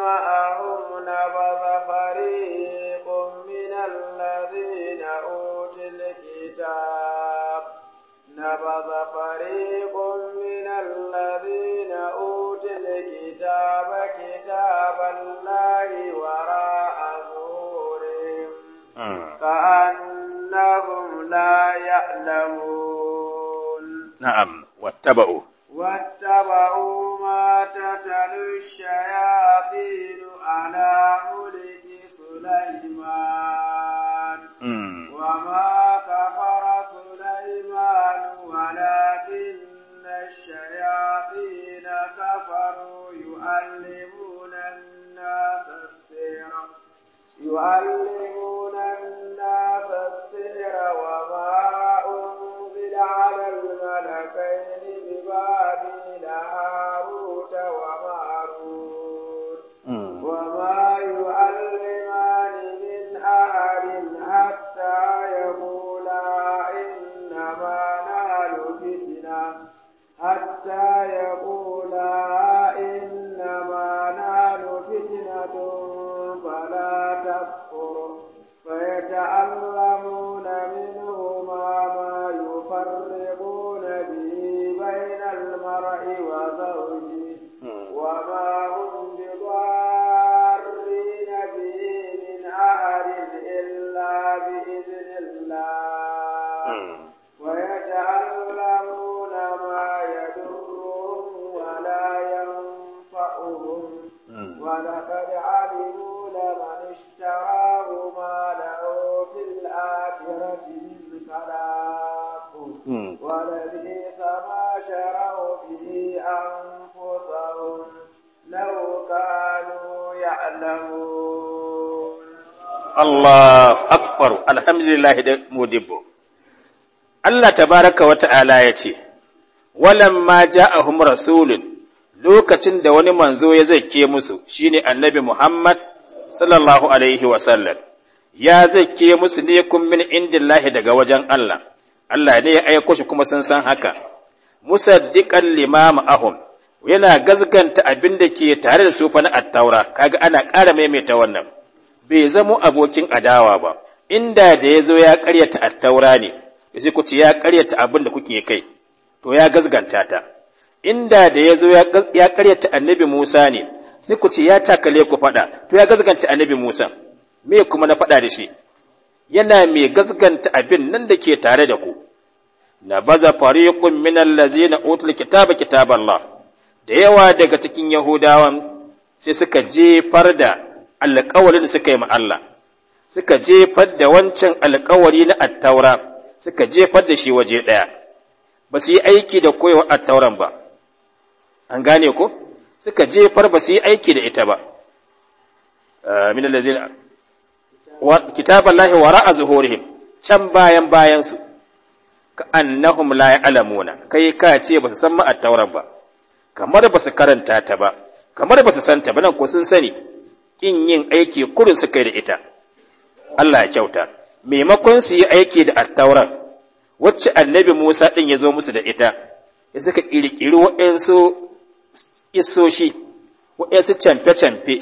معهم نبذ فريق من الذين أوتوا الكتاب نبذ فريق من الذين أوتوا الكتاب كتاب الله وراء ظهورهم آه. كأنهم لا يعلمون نعم واتبعوا واتبعوا ما تتل الشياطين على ملك سليمان وما كفر سليمان ولكن الشياطين كفروا يؤلمون الناس السحر يعلمون الناس السحر وما أنزل على الملكين كانوا يعلمون الله أكبر الحمد لله مدبو ya ce وتعالى يتي a جاءهم rasulun. lokacin da wani manzo ya zake musu shine annabi Muhammad sallallahu alaihi wasallam ya zake musu ne kun min indillahi daga wajen Allah Allah ne ya aiko shi kuma sun san haka musaddiqan limamu ahun. yana gazganta abin da ke tare da sufa na attaura kaga ana ƙara maimaita wannan bai zamo abokin adawa ba inda da ya zo ya ƙaryata attaura ne sai ku ce ya ƙaryata abin da kuke kai to ya gazganta ta inda da ya zo ya ƙaryata annabi Musa ne sai ku ce ya takale ku faɗa to ya gazganta annabi Musa me kuma na faɗa da shi yana mai gazganta abin nan da ke tare da ku na baza fariqun min allazina utul kitaba kitaballah da yawa daga cikin yahudawan sai suka jefar da alƙawarin da suka yi ma Allah suka jefar da wancan alƙawari na attaura suka jefar da shi waje ɗaya ba su yi aiki da koyawa attauran ba an gane ko suka jefar ba su yi aiki da ita ba ah, min allazina kitaballahi wara'a zuhurihim can bayan bayan su ka annahum la ya'lamuna kai ka ce ba su san ma attauran ba kamar ba su karanta ta ba kamar ba su santa ba nan ko sun sani in yin aiki kurin su kai da ita Allah ya kyauta maimakon su yi aiki da attauran wacce annabi Musa ɗin ya zo musu da ita ya suka ƙirƙiri waɗansu isoshi waɗansu camfe-camfe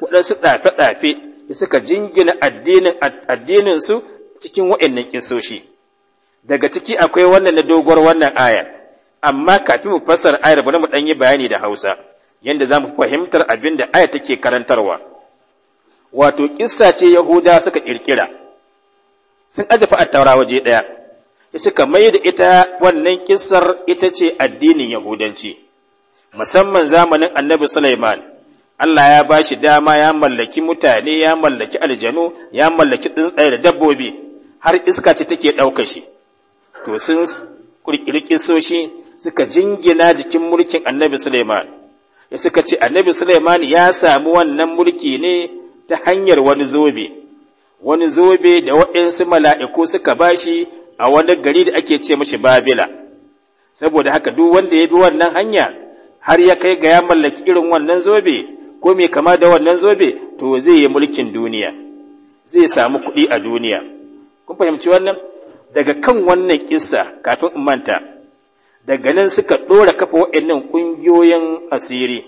waɗansu ɗafe-ɗafe ya suka jingina addinin su cikin waɗannan isoshi daga ciki akwai wannan na doguwar wannan ayar. amma kafin mu fassara ayar bari mu yi bayani da Hausa yadda yanda zamu fahimtar abin da ayar take karantarwa wato kissa ce Yahuda suka ƙirƙira sun ajafa attaura waje daya suka mai da ita wannan kissar ita ce addinin Yahudanci musamman zamanin Annabi Sulaiman Allah ya ba shi dama ya mallaki mutane ya mallaki aljanu ya mallaki tsuntsaye da dabbobi har iska ce take ɗaukar shi to sun kirkiri kissoshi suka jingina jikin mulkin annabi Suleiman ya suka ce annabi Suleiman ya samu wannan mulki ne ta hanyar wani zobe wani zobe da waɗansu mala'iku suka bashi a wani gari da ake ce mashi Babila saboda haka duk wanda ya bi wannan hanya har ya kai ga ya mallaki irin wannan zobe ko mai kama da wannan zobe to zai yi mulkin duniya zai samu kuɗi a duniya kun fahimci wannan daga kan wannan kissa kafin in manta daga nan suka ɗora kafa waɗannan ƙungiyoyin asiri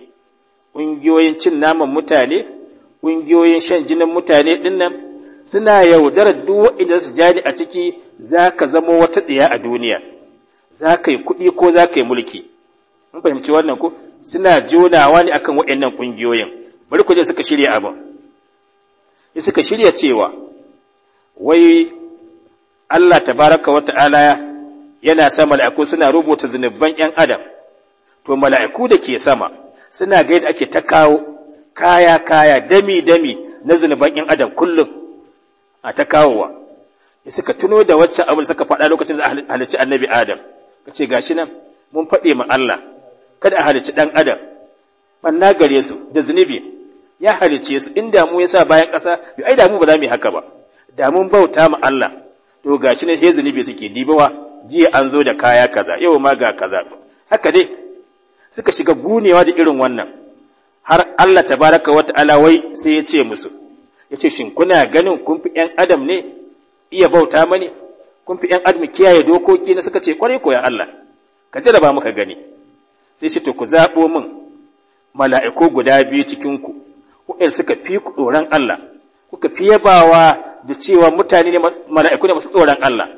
ƙungiyoyin cin naman mutane ƙungiyoyin shan jinin mutane ɗin nan suna yaudarar duk waɗanda su jani a ciki za ka zamo wata ɗaya a duniya za ka yi kuɗi ko za ka yi mulki mun fahimci wannan ko suna jonawa ne akan waɗannan ƙungiyoyin bari ku je suka shirya abin suka shirya cewa wai Allah tabaraka wa ta'ala yana sa mala'iku suna rubuta zunuban ‘yan adam, to mala'iku da ke sama suna ga yadda ake ta kawo kaya-kaya dami-dami na zunuban ‘yan adam kullum a ta kawowa, ya suka tuno da wacce abin suka faɗa lokacin da halicci annabi Adam, ka ce gashi nan mun faɗe ma Allah, kada a halicci ɗan Adam, na gare su da zunubi ya halicce su in damu ya sa bayan ƙasa, ai damu ba za mu yi haka ba, Da mun bauta ma Allah, to gashi ne sai zunubi suke dibawa jiya an zo da kaya kaza yau ma ga kaza haka dai suka shiga gunewa da irin wannan har Allah tabaraka wa ta'ala wai sai ya ce musu ya ce shin kuna ganin kun fi ‘yan adam ne iya bauta mani kun fi ‘yan adam kiyaye dokoki na suka ce kwarai ko ya Allah ka jira ba muka gani sai shi to ku zaɓo min mala'iku guda biyu cikinku waɗanda suka fi ku tsoron Allah kuka fi yabawa da cewa mutane ne mala'iku ne masu tsoron Allah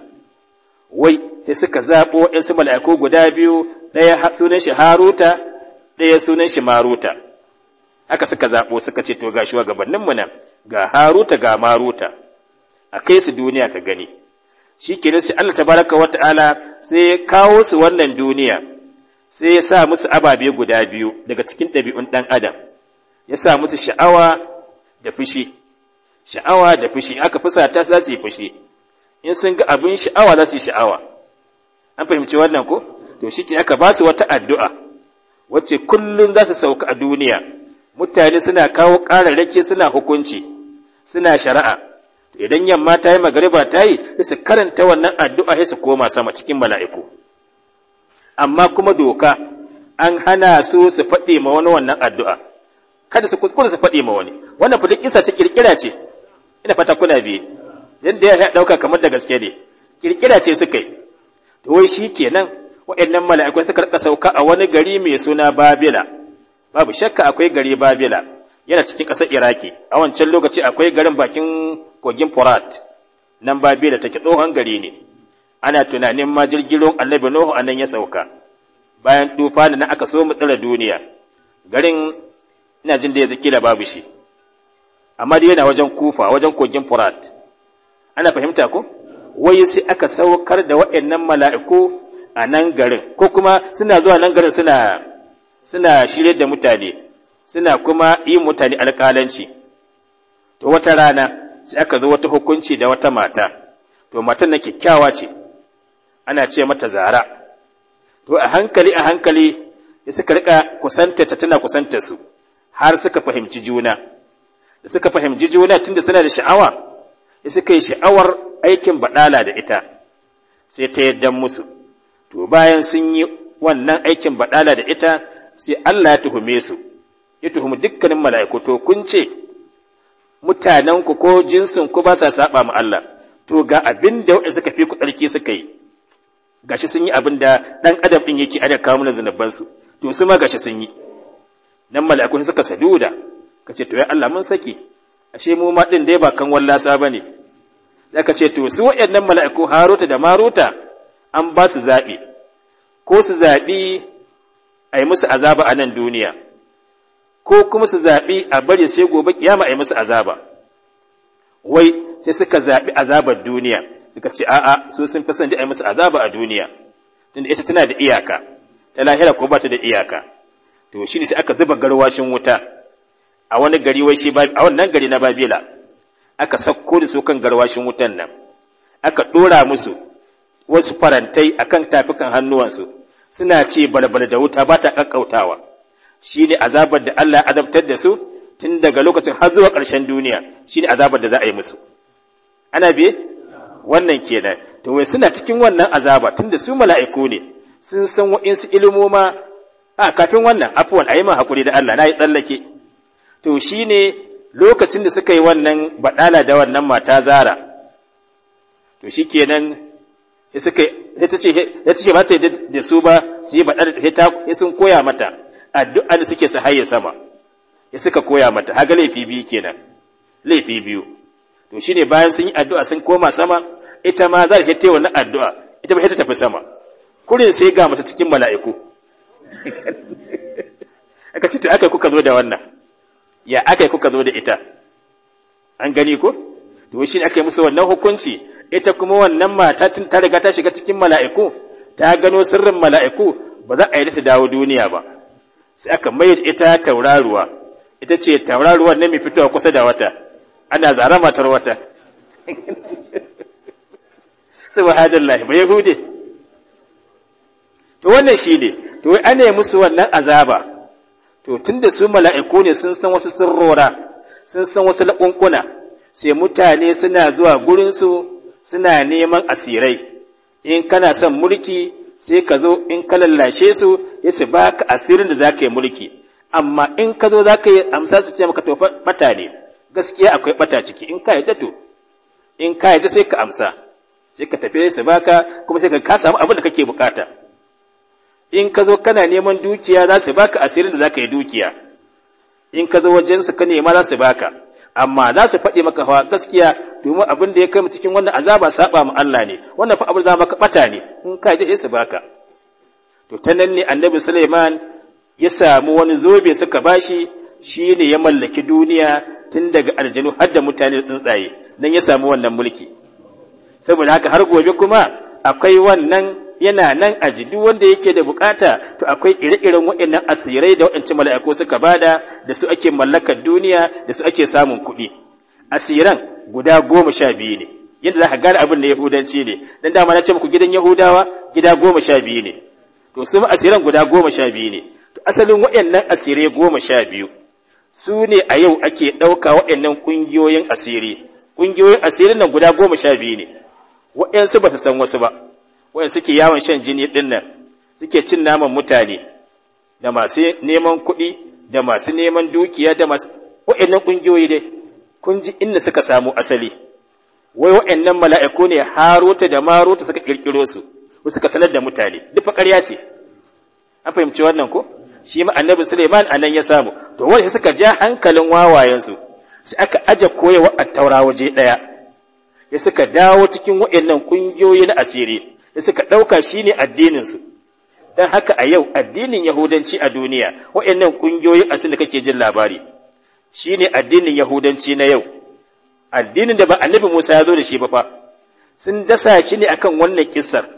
wai sai suka zaɓo su mala'iku guda biyu ɗaya sunan shi haruta ɗaya sunan shi maruta haka suka zaɓo suka ce to ga shi gabaninmu nan ga haruta ga maruta a kai su duniya ka gani shi kenan sai Allah baraka wa ta'ala sai ya kawo su wannan duniya sai ya sa musu ababe guda biyu daga cikin ɗabi'un ɗan adam ya sa musu sha'awa da fushi sha'awa da fushi aka fusata za su yi fushi in sun ga abin sha'awa za su yi sha'awa an fahimci wannan ko to shi aka ba su wata addu'a wacce kullum za su sauka a duniya mutane suna kawo ƙararraki suna hukunci suna shari'a idan yamma ta yi magariba ta yi su karanta wannan addu'a ya su koma sama cikin mala'iku amma kuma doka an hana su su faɗi ma wani wannan addu'a kada su su faɗi ma wani wannan fa isa ce kirkira ce ina fata kuna biye yadda ya ɗauka kamar da gaske ne kirkira ce suka yi to wai shi kenan waɗannan mala'ikai suka rika sauka a wani gari mai suna babila babu shakka akwai gari babila yana cikin ƙasar iraki a wancan lokaci akwai garin bakin kogin furat nan babila take tsohon gari ne ana tunanin ma jirgin annabi nuhu a nan ya sauka bayan tufa na aka so mu duniya garin ina jin da ya zaki babu shi amma dai yana wajen kufa wajen kogin furat ana fahimta ko wai sai aka saukar da waɗannan mala'iku a nan garin ko kuma suna zuwa nan garin suna suna shirye da mutane suna kuma yi mutane alƙalanci to wata rana sai aka zo wata hukunci da wata mata to matan na kyakkyawa ce ana ce mata zara to a hankali a hankali da suka rika kusanta ta tana kusanta su har suka fahimci juna da suka fahimci juna tunda suna da sha'awa suka yi sha'awar aikin baɗala da ita sai ta yadda musu to bayan sun yi wannan aikin baɗala da ita sai Allah ya tuhume su ya tuhumi dukkanin mala'iku to kun ce mutanenku ko jinsinku ba sa saba mu Allah to ga abin da waɗanda suka fi ku tsarki suka yi gashi sun yi abin da ɗan adam ɗin yake ana kawo mana su to su ma gashi sun yi nan mala'iku suka saduda kace to ya Allah mun saki ashe mu ma din dai ba kan wallasa bane sai ka ce to su waɗannan mala'iku Haruta da Maruta an ba su zabi ko su zabi ai musu azaba a nan duniya ko kuma su zaɓi a bari sai gobe kiyama ai musu azaba wai sai suka zaɓi azabar duniya suka ce a'a su sun fi son da ai musu azaba a duniya tunda ita tana da iyaka ta lahira ko ba ta da iyaka to shi ne sai aka zuba garwashin wuta a wani gari wai shi a wannan gari na babila aka sakko da su kan garwashin wutan nan aka dora musu wasu farantai akan tafikan hannuwansu suna ce balbal da wuta ba ta kakkautawa shine azabar da Allah azabtar da su tun daga lokacin har zuwa ƙarshen duniya shine azabar da za a yi musu ana biye wannan kenan to wai suna cikin wannan azaba tunda su mala'iku ne sun san wa'insu ilimoma a kafin wannan afuwan a yi ma haƙuri da Allah na yi tsallake to ne lokacin da suka yi wannan baɗala da wannan mata zara to shi kenan ya suka ta ce sai ta da su ba su yi baɗala da ta ya sun koya mata addu'a da suke su haye sama ya suka koya mata haga laifi biyu kenan laifi biyu to ne bayan sun yi addu'a sun koma sama ita ma za ta yi wannan addu'a ita ba ta tafi sama kurin sai ga mata cikin mala'iku [LAUGHS] aka ce ta aka kuka zo da wannan ya aka kuka zo da ita an gani ko to shi ne aka yi musu wannan hukunci ita kuma wannan mata tun ta riga ta shiga cikin mala'iku ta gano sirrin mala'iku ba za a yi ta dawo duniya ba sai aka mai ita tauraruwa ita ce tauraruwa ne mai fitowa kusa da wata ana zara matar wata [LAUGHS] subhanallahi ba yahude to wannan shi ne to wai ana yi musu wannan azaba to tunda su mala'iku ne sun san wasu sirrora sun san wasu laƙunƙuna sai mutane suna zuwa gurinsu suna neman asirai in kana son mulki sai ka zo in ka lallashe su ya su ba ka asirin da za ka yi mulki amma in ka zo za ka yi amsa su ce maka to bata ne gaskiya akwai bata ciki in ka yadda to in ka yadda sai ka amsa sai ka tafi su baka kuma sai ka samu abin da kake bukata in ka zo kana neman dukiya za su baka asirin da za ka yi dukiya in ka zo wajensu ka nema za su baka amma za su faɗi maka hawa gaskiya domin abin da ya kai mu cikin wannan azaba saba mu Allah ne wannan fa abin da maka bata ne in ka je su baka to ta nan ne annabi Sulaiman ya samu wani zobe suka bashi shi ne ya mallaki duniya tun daga aljanu har da mutane da tsuntsaye nan ya samu wannan mulki saboda haka har gobe kuma akwai wannan yana nan a jidu wanda yake da bukata to akwai ire-iren waɗannan asirai da waɗancan mala'iku suka bada da su ake mallakar duniya da su ake samun kuɗi asiran guda goma sha biyu ne yadda za ka gane abin da yahudanci ne dan dama na ce muku gidan yahudawa gida goma sha biyu ne to su asiran guda goma sha biyu ne to asalin waɗannan asirai goma sha biyu su ne a yau ake ɗauka waɗannan ƙungiyoyin asiri ƙungiyoyin asirin nan guda goma sha biyu ne waɗansu ba su san wasu ba wanda suke yawon shan jini ɗin nan suke cin naman mutane da masu neman kuɗi da masu neman dukiya da masu waɗannan ƙungiyoyi dai kun ji inda suka samu asali wai waɗannan mala'iku ne harota da marota suka ƙirƙiro su suka sanar da mutane duk ƙarya ce an fahimci wannan ko shi ma annabi Suleiman anan ya samu to wani suka ja hankalin wawayensu shi aka aje koyawa a taura waje daya ya suka dawo cikin waɗannan ƙungiyoyi na asiri da suka ɗauka shi ne addininsu don haka a yau addinin yahudanci a duniya waɗannan ƙungiyoyin asin da kake jin labari shi ne addinin yahudanci na yau addinin da ba annabi musa ya zo da shi ba fa sun dasa shi ne akan wannan kissar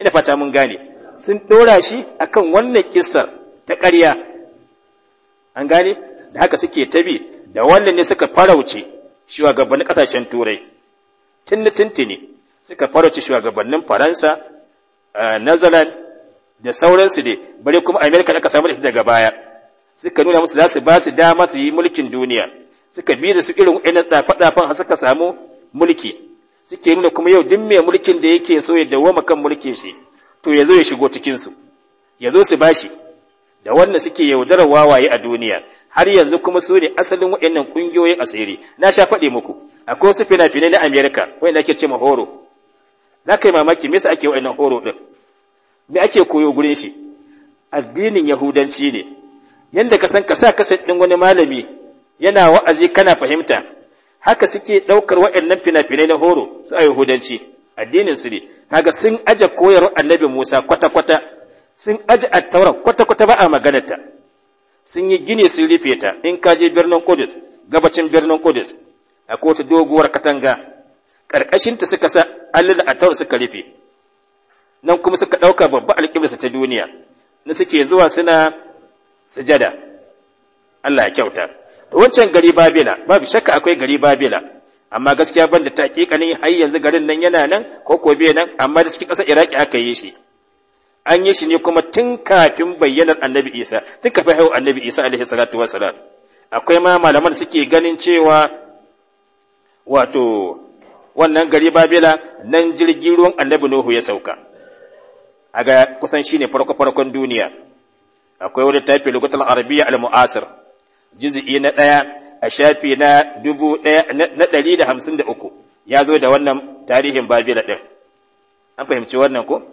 ina fata mun gane sun ɗora shi akan wannan kissar ta ƙarya an gane da haka suke tabi da wannan ne suka farauce shi gaban kasashen turai tun tuntuni suka farauci shugabannin faransa netherland da sauransu dai bare kuma america da aka samu da shi daga baya suka nuna musu za su ba su dama su yi mulkin duniya suka bi da su irin wa'annan tsafaɗafan har suka samu mulki suke nuna kuma yau duk mai mulkin da yake so ya dawo kan mulkin shi to ya zo ya shigo cikinsu ya zo su bashi da wannan suke yaudarar wawaye a duniya har yanzu kuma su ne asalin nan ƙungiyoyin asiri na sha faɗi muku akwai wasu fina-finai na amerika wanda ake ce horo za ka yi mamaki me su ake wa'annan horo ɗin me ake koyo gurin shi addinin yahudanci ne yadda ka san ka sa ɗin wani malami yana wa'azi kana fahimta haka suke ɗaukar waɗannan fina-finai na horo su a yahudanci addinin su ne kaga sun aje koyar annabi musa kwata-kwata sun aje attaura kwata-kwata ba a maganarta sun yi gini sun rufe ta in ka je birnin kudus gabacin birnin kudus a kotu doguwar katanga ƙarƙashinta suka sa allin atawar suka rufe nan kuma suka ɗauka babba alƙiblarsa ta duniya na suke zuwa suna sujada Allah ya kyauta to wancan gari babila babu shakka akwai gari babila amma gaskiya ban da taƙiƙanin har yanzu garin nan yana nan ko ko be nan amma da cikin ƙasar iraki aka yi shi an yi shi ne kuma tun kafin bayyanar annabi isa tun kafin haihu annabi isa alaihi salatu wassalam akwai ma malaman suke ganin cewa wato wannan gari babila nan jirgin ruwan annabi nuhu ya sauka a ga kusan shine farko farkon duniya akwai wani tafi lokutan arabiya al mu'asir jizi'i na ɗaya a shafi na dubu ɗaya na ɗari da hamsin da uku ya zo da wannan tarihin babila ɗin an fahimci wannan ko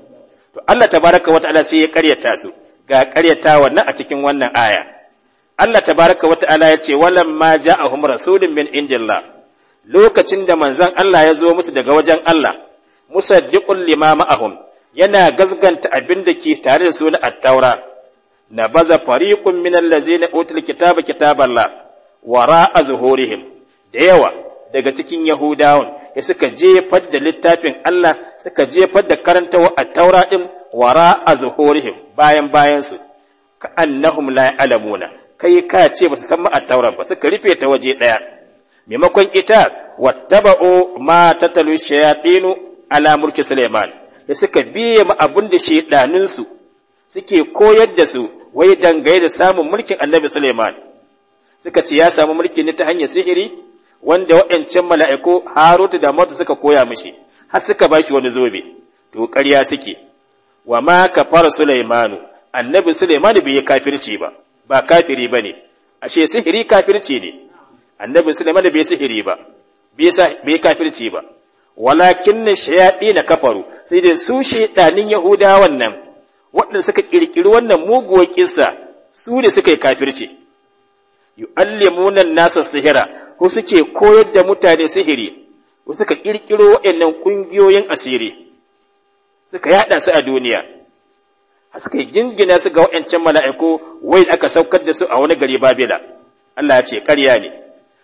to Allah baraka wa ta'ala sai ya karyata su ga karyata wannan a cikin wannan aya Allah baraka wa ta'ala ya ce a ja'ahum rasulun min indillah lokacin da manzan Allah ya zo musu daga wajen Allah musaddiqul lima ma'ahum yana gazganta abin da ke tare da su na attaura na baza minan lazi na otul kitaba wara a zuhurihim da yawa daga cikin yahudawan ya suka jefar da littafin Allah suka jefar da karantawa attaura ɗin wara zuhurihim bayan bayan bayansu ka annahum la alamuna kai ka ce ba su san ma taura ba suka rufe ta waje ɗaya. maimakon ita wattaba'u ma tatalu shayatinu ala mulki Sulaiman da suka biye ma abin da shedanin su suke koyar da su wai dangaye da samun mulkin Annabi Sulaiman suka ce ya samu mulki ne ta hanyar sihiri wanda waɗancan mala'iku Harut da Mata suka koya mishi har suka bashi wani zobe to ƙarya suke wa ma kafara Sulaiman annabi Sulaiman bai kafirci ba ba kafiri bane ashe sihiri kafirci ne annabi Sulaiman bai sihiri ba bai kafirci ba walakin shayaɗi na kafaru sai dai su shaidanin yahudawan nan waɗanda suka kirkiri wannan muguwar kissa su ne suka yi kafirci yu'allimuna nasa sihira ko suke koyar da mutane sihiri ko suka ƙirƙiro waɗannan ƙungiyoyin asiri suka yada su a duniya suka gingina su ga waɗancan mala'iku wai aka saukar da su a wani gari babila Allah ya ce ƙarya ne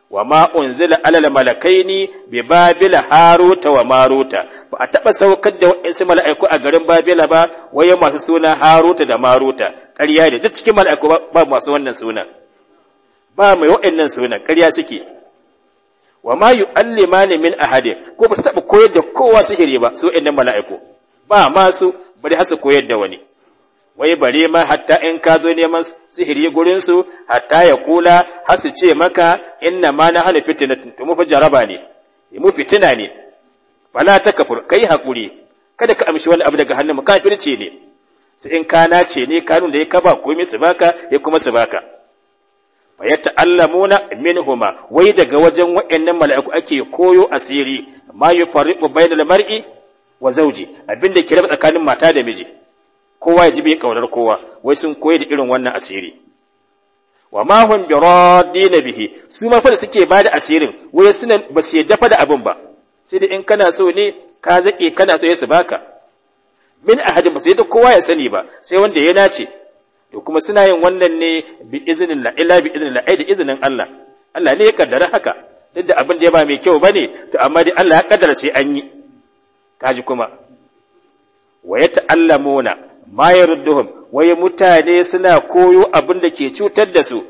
wa ma unzila alal malakaini bi babila haruta wa maruta ba a taba saukar da wasu mala'iku a garin babila ba waye masu suna haruta da maruta ƙarya ne duk cikin mala'iku ba masu wannan suna ba mai wa'annan suna ƙarya suke wa ma yu'allimani min ahadin ko ba su taba koyar da kowa sihiri ba su wa'annan mala'iku ba ma su bari har su koyar da wani wai bare ma hatta in ka zo neman sihiri gurin su hatta ya kula har su ce maka inna ma na hana fitina to mu jaraba ne mu fitina ne bala ta kafur kai hakuri kada ka amshi wani abu daga hannun mu kafirce ne sai in ka nace ne ka nuna ka ba komai su baka ya kuma su baka wa yata'allamuna minhuma wai daga wajen waɗannan mala'iku ake koyo asiri ma yufarriqu bainal mar'i wa zawji abinda ke raba tsakanin mata da miji kowa ya ji bai kaunar kowa wai sun koyi da irin wannan asiri wa ma hum bi radin bihi su ma fa da suke ba da asirin wai suna ba su yadda fa da abin ba sai da in kana so ne ka zake kana so ya su baka min ahadin ba sai da kowa ya sani ba sai wanda ya nace to kuma suna yin wannan ne bi iznillah illa bi iznillah ai da izinin Allah Allah ne ya kaddara haka duk da abin da ya ba mai kyau bane to amma dai Allah ya kaddara sai an yi kaji kuma wa yata'allamuna ma duhun wai mutane suna koyo abin da ke cutar da su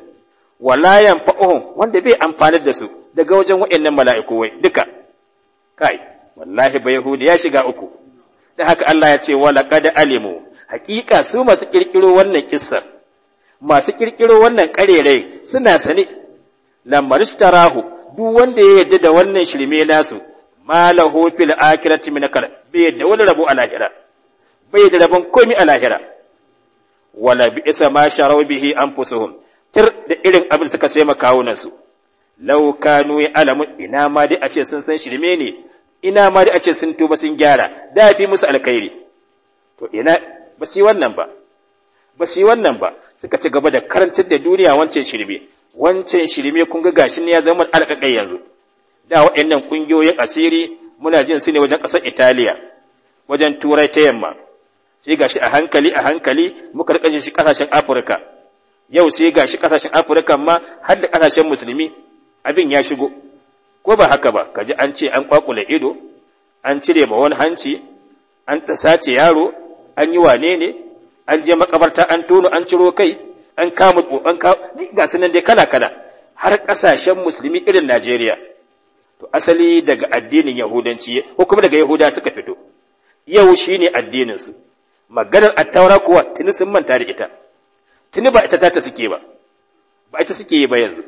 walayan fa’uhun wanda bai amfani da su daga wajen waɗannan mala'iku wai duka kai wallahi ba yahudi ya shiga uku da haka Allah ya ce walaka da alimu haƙiƙa su masu ƙirƙiro wannan kissar masu ƙirƙiro wannan karerai suna sani lamarishtarahu duk wanda ya yarda da wannan shirme nasu malahu fil akhirati min bai yadda wani rabo a lahira bai da rabon komi a lahira wala bi isa ma sharau bihi anfusuhum tir da irin abin suka sai makawunan su law kanu ya'lamu ina ma dai a ce sun san shirme ne ina ma dai a ce sun tuba sun gyara da fi musu alkhairi to ina ba wannan ba ba wannan ba suka ci gaba da karantar da duniya wancan shirme wancan shirme kun ga gashin ya zama alƙaƙai yanzu da waɗannan ƙungiyoyin asiri muna jin su ne wajen ƙasar Italiya, wajen Turai ta yamma, sai ga shi a hankali a hankali muka rika shi kasashen Afirka yau sai gashi kasashen Afirka ma har da kasashen musulmi abin ya shigo ko ba haka ba kaji an ce an kwakula ido an cire ba wani hanci an sace yaro an yi wane ne an je makabarta an tono an ciro kai an kama an ga sunan dai kala kala har kasashen musulmi irin Najeriya to asali daga addinin yahudanci ko kuma daga yahuda suka fito yau shine addinin su maganar attaura kuwa tuni sun manta da ita tuni ba ita ta ta suke ba ba ita suke yi ba yanzu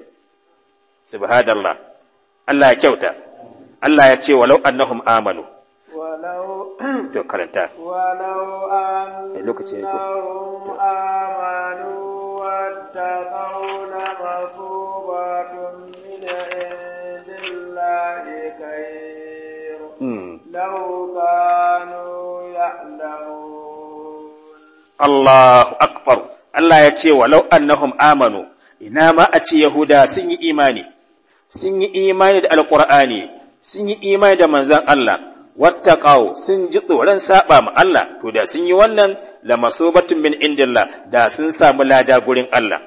subhanallah Allah ya kyauta Allah ya ce walau annahum amanu walau karanta walau an eh, lokaci ne ko amanu wattaqaw la min indillahi hmm. law kanu ya'lamun Allahu akbar Allah ya ce walau annahum amanu ina ma a ce Yahuda sun yi imani sun yi imani da alqur'ani sun yi imani da manzon Allah wattaqau sun ji tsoron saba ma Allah to da sun yi wannan la masubatun min indillah da sun samu lada gurin Allah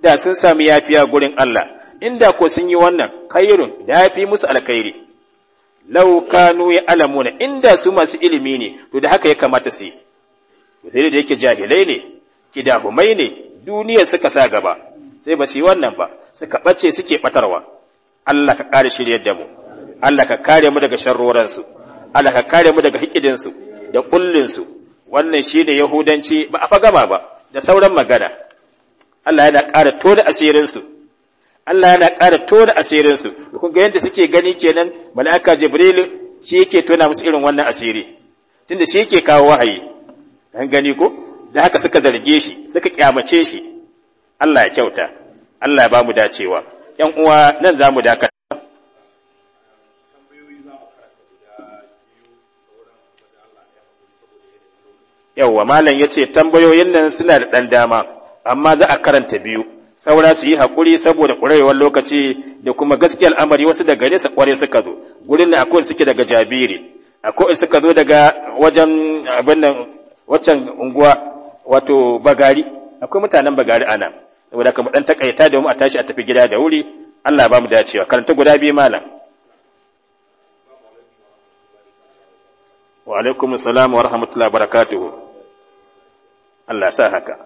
da sun samu yafiya gurin Allah inda ko sun yi wannan khairun da yafi musu alkhairi law kanu ya'lamuna inda su masu ilimi ne to da haka ya kamata su yi sai da yake jahilai ne kidahumai ne duniyar suka sa gaba sai ba su yi wannan ba suka bace suke batarwa Allah ka kare shiryar da mu Allah ka kare mu daga sharroransu Allah ka kare mu daga hikidinsu da kullinsu wannan shi ne yahudanci ba a fa gama ba da sauran magana Allah yana ƙara tona asirinsu Allah yana ƙara tona asirinsu kun ga yadda suke gani kenan mala'ika jibril shi yake tona musu irin wannan asiri tunda shi yake kawo wahayi an gani ko da haka suka zarge shi suka kyamace shi Allah ya kyauta Allah ya ba mu dacewa ƴan uwa nan za mu dakata yawwa malam ya ce tambayoyin nan suna da ɗan dama amma za a karanta biyu saura su yi hakuri saboda ƙurewar lokaci da kuma gaskiyar amari wasu daga nesa kware suka zo gurin akwai suke daga jabiri akwai suka zo daga wajen abin nan waccan unguwa wato bagari akwai mutanen bagari a nan saboda kuma dan takaita da mu a tashi a tafi gida da wuri Allah ba mu dacewa karanta guda biyu malam wa alaikum assalam wa rahmatullahi wa barakatuh Allah sa haka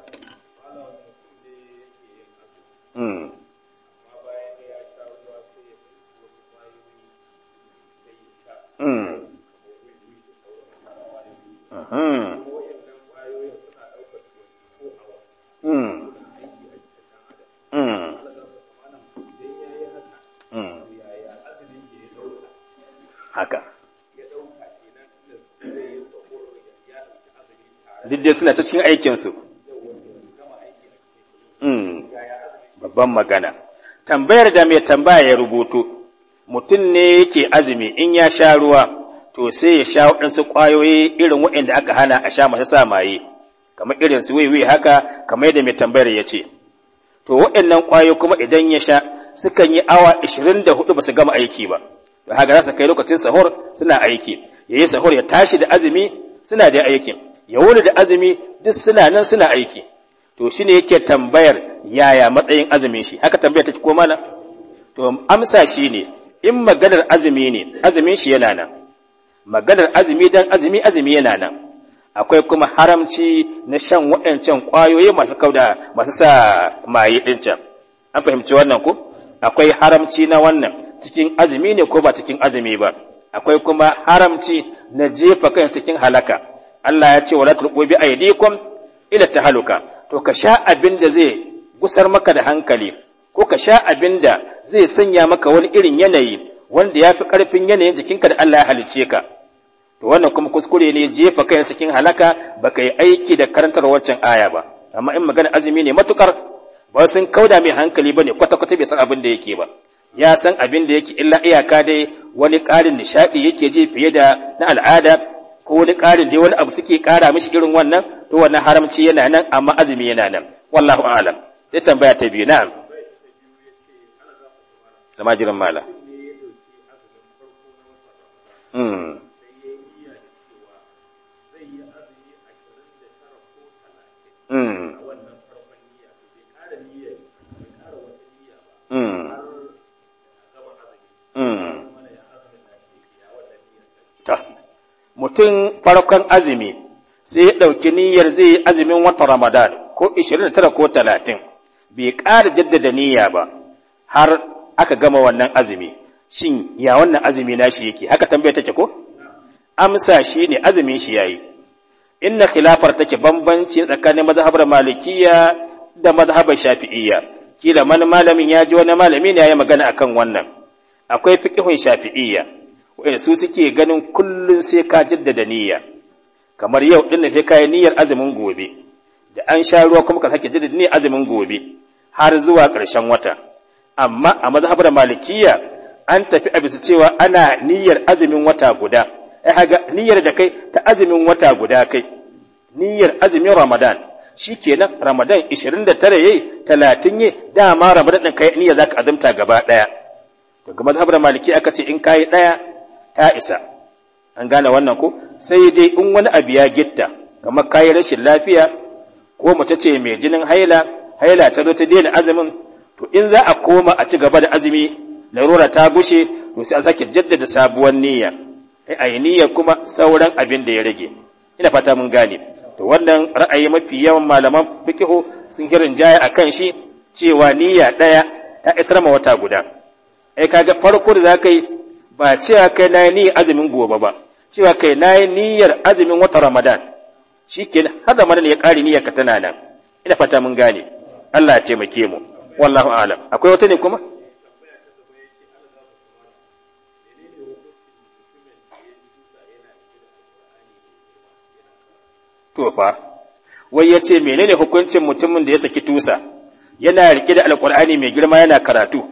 mm Mm-hmm. haka dai suna ta cikin aikinsu hmm. babban magana tambayar da mai tambaya ya rubuto mutum ne yake azumi in ya sha ruwa to sai ya sha waɗansu ƙwayoyi irin waɗanda aka hana a sha masu samaye kamar irin su wiwi haka kamar yadda mai tambayar ya ce to waɗannan ƙwayo kuma idan ya sha sukan yi awa 24 ba su gama aiki ba da haka za su kai lokacin sahur suna aiki ya yi sahur ya tashi da azumi suna da aiki ya wuni da azumi duk suna nan suna aiki to shi ne yake tambayar yaya matsayin azumin shi haka tambayar take ko mana to amsa shi ne in maganar azumi ne azumin shi yana nan maganar azumi dan azumi azumi yana nan akwai kuma haramci na shan waɗancan ƙwayoyi masu kauda masu sa maye ɗin can an fahimci wannan ko akwai haramci na wannan cikin azumi ne ko ba cikin azumi ba akwai kuma haramci na jefa kan cikin halaka Allah ya ce wala turqu bi aydikum ila tahaluka to ka sha abin da zai gusar maka da hankali ko ka sha abin da zai sanya maka wani irin yanayi wanda ya fi ƙarfin yanayin jikinka da Allah ya halicce ka to wannan kuma kuskure ne jefa kai cikin halaka ka yi aiki da karantar wancan aya ba amma in magana azumi ne matukar ba sun kauda mai hankali ba ne kwata kwata bai san abin da yake ba ya san abin da yake illa iyaka dai wani ƙarin nishaɗi yake ji fiye da na al'ada ko wani ƙarin dai wani abu suke ƙara mishi irin wannan to wannan haramci yana nan amma azumi yana nan wallahu a'lam sai tambaya ta biyu na'am da majirin mala hmm. Mm. Mm. mutum farkon azumi sai ya ɗauki niyyar zai yi azumin watan Ramadan ko 29 ko 30 bai ƙara jaddada niyya ba har aka gama wannan azumi shin ya wannan azumi nashi yake haka tambaya take ko amsa shi ne azumin shi ya yayi inna khilafar take bambanci tsakanin mazhabar malikiya da mazhabar shafi'iyya kila wani malamin ya ji wani malami ne ya yi magana akan wannan akwai fiqhun shafi'iyya wanda su suke ganin kullun sai ka jaddada niyya kamar yau din sai ka yi niyyar azumin gobe da an sha ruwa kuma ka sake jaddada niyyar azumin gobe har zuwa ƙarshen wata amma a mazhabar malikiyya an tafi a bisa cewa ana niyyar azumin wata guda ai haga niyyar da kai ta azumin wata guda kai niyyar azumin ramadan shi kenan ramadan 29 yi 30 yi, dama ramadan din kai niyya ka azumta gaba ɗaya. to kuma mazhabar maliki aka ce in yi ɗaya ta isa an gane wannan ko sai dai in wani abu ya gitta kamar yi rashin lafiya ko mace ce mai jinin haila haila ta zo ta daina azumin to in za a koma a ci gaba da azumi larura ta bushe to sai a sake jaddada sabuwar niyya ai niyya kuma sauran abin da ya rage ina fata mun gane to wannan ra'ayi mafi yawan malaman fikihu sun kirin jaya akan shi cewa niyya ɗaya ta isar ma wata guda ai kaga farko da za yi ba cewa kai na yi azumin gobe ba cewa kai nayi niyyar azumin wata ramadan shi ke har da ya kare niyyar ka tana nan ina fata mun gane Allah ya taimake mu wallahu alam akwai wata ne kuma to fa wai ya ce menene hukuncin mutumin da ya saki tusa yana rike da alkur'ani mai girma yana karatu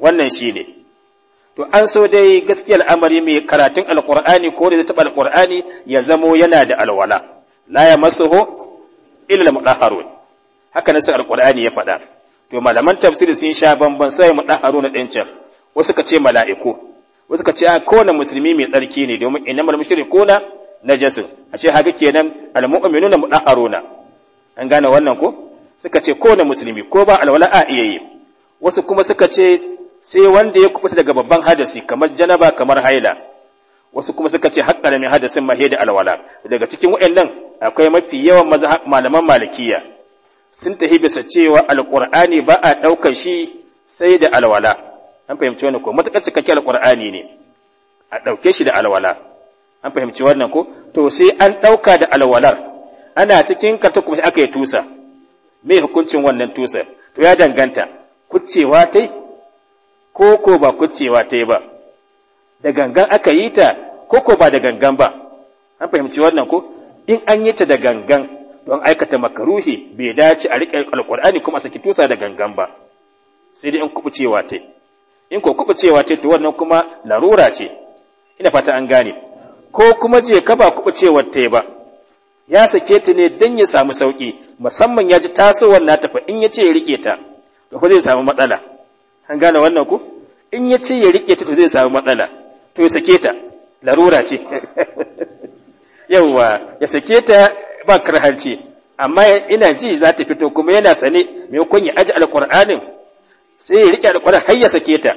wannan shine ne to an so dai gaskiya al'amari mai karatun alkur'ani ko da zai taɓa alkur'ani ya zamo yana da alwala la ya masuhu illa mudahharun haka na sai alkur'ani ya faɗa to malaman tafsiri sun sha bamban sai mudahharun ɗin can wasu ka ce mala'iku wasu ka ce a kowane musulmi mai tsarki ne domin innamal kona. najasin ce haka kenan almu'minuna mudahharuna an gane wannan ko suka ce ko na musulmi ko ba alwala a iya yi wasu kuma suka ce sai wanda ya kubuta daga babban hadasi kamar janaba kamar haila wasu kuma suka ce hakkar mai hadisin mahe da alwala daga cikin waɗannan akwai mafi yawan malaman malikiya sun tafi bisa cewa alƙur'ani ba a ɗaukar shi sai da alwala an fahimci wani ko matuƙar cikakken alƙur'ani ne a ɗauke shi da alwala an fahimci wannan ko to sai an ɗauka da alwalar ana cikin karta kuma aka yi tusa me hukuncin wannan tusa to ya danganta kucewa ta ko ko ba kucewa ta ba da gangan aka yi ta ko ko ba da gangan ba an fahimci wannan ko in an yi ta da gangan don aikata makaruhi bai dace a riƙe alƙur'ani kuma saki tusa da gangan ba sai dai in kubucewa ta in ko kubucewa ta to wannan kuma larura ce ina fata an gane ko kuma je ka ba kuɓucewar ta ba ya sake ta ne don ya samu sauƙi musamman ya ji tasowar na tafa in ya ce ya riƙe ta to ko zai samu matsala an gane wannan ku in ya ce ya riƙe ta to zai samu matsala to ya sake ta larura ce [LAUGHS] yawwa ya sake ta ba karhance amma ina ji za ta fito kuma yana sane maimakon ya aji alƙur'anin sai ya riƙe alƙur'an har ya sake ta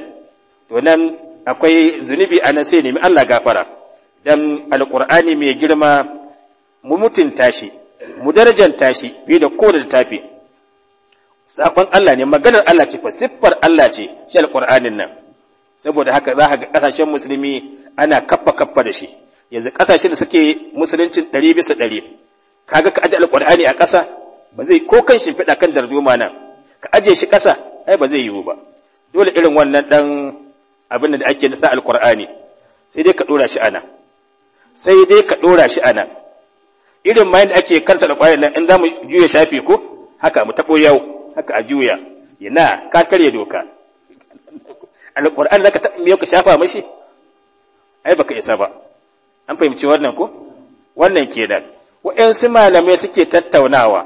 to nan akwai zunubi a nan sai nemi Allah gafara dan alqur'ani mai girma mu mutunta shi mu darajanta shi bi da kowane tafi sakon Allah ne maganar Allah ce fa siffar Allah ce shi alqur'anin nan saboda haka za ka ga kasashen musulmi ana kaffa kaffa da shi yanzu kasashen da suke musuluncin ɗari bisa ɗari kaga ka aje alqur'ani a ƙasa ba zai ko kan shimfiɗa kan darduma nan ka aje shi ƙasa ai ba zai yiwu ba dole irin wannan dan abin da ake nasa alqur'ani sai dai ka ɗora shi a nan. sai dai ka ɗora shi a nan irin ma da ake karta da ƙwayar nan in za mu juya shafi ko haka mu taɓo yau haka a juya yana ka karya doka alƙur'an da ka taɓa yau ka shafa mashi ai baka isa ba an fahimci wannan ko wannan kenan wa'yansu malamai suke tattaunawa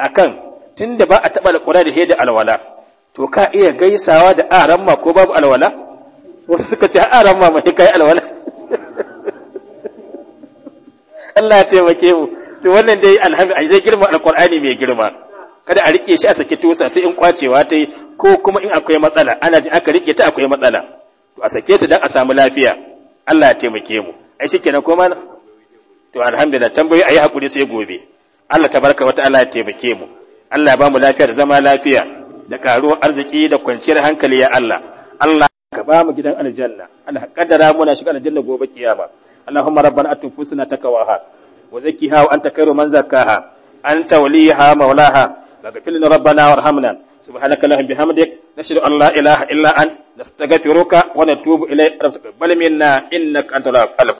akan da ba a taɓa alƙur'an da da alwala to ka iya gaisawa da aran ko babu alwala wasu suka ce aran ma mai kai alwala Allah ya taimake mu to wannan dai alhamdulillah dai girma alqur'ani mai girma kada a rike shi a saki tusa sai in kwacewa ta yi ko kuma in akwai matsala ana ji aka rike ta akwai matsala to a sake ta dan a samu lafiya Allah ya taimake mu ai shikenan kuma to alhamdulillah tambayi ayi hakuri sai gobe Allah tabaraka wa ta'ala ya taimake mu Allah ya ba mu lafiya da zama lafiya da karuwar arziki da kwanciyar hankali ya Allah Allah ka ba mu gidan aljanna Allah kaddara muna shiga aljanna gobe kiyama اللهم ربنا آت نفوسنا تقواها وزكها وأنت خير من زكاها أنت وليها مولاها فاغفر لنا ربنا وارحمنا سبحانك اللهم بحمدك نشهد أن لا إله إلا أنت نستغفرك ونتوب إليك رب تقبل منا إنك أنت الغفور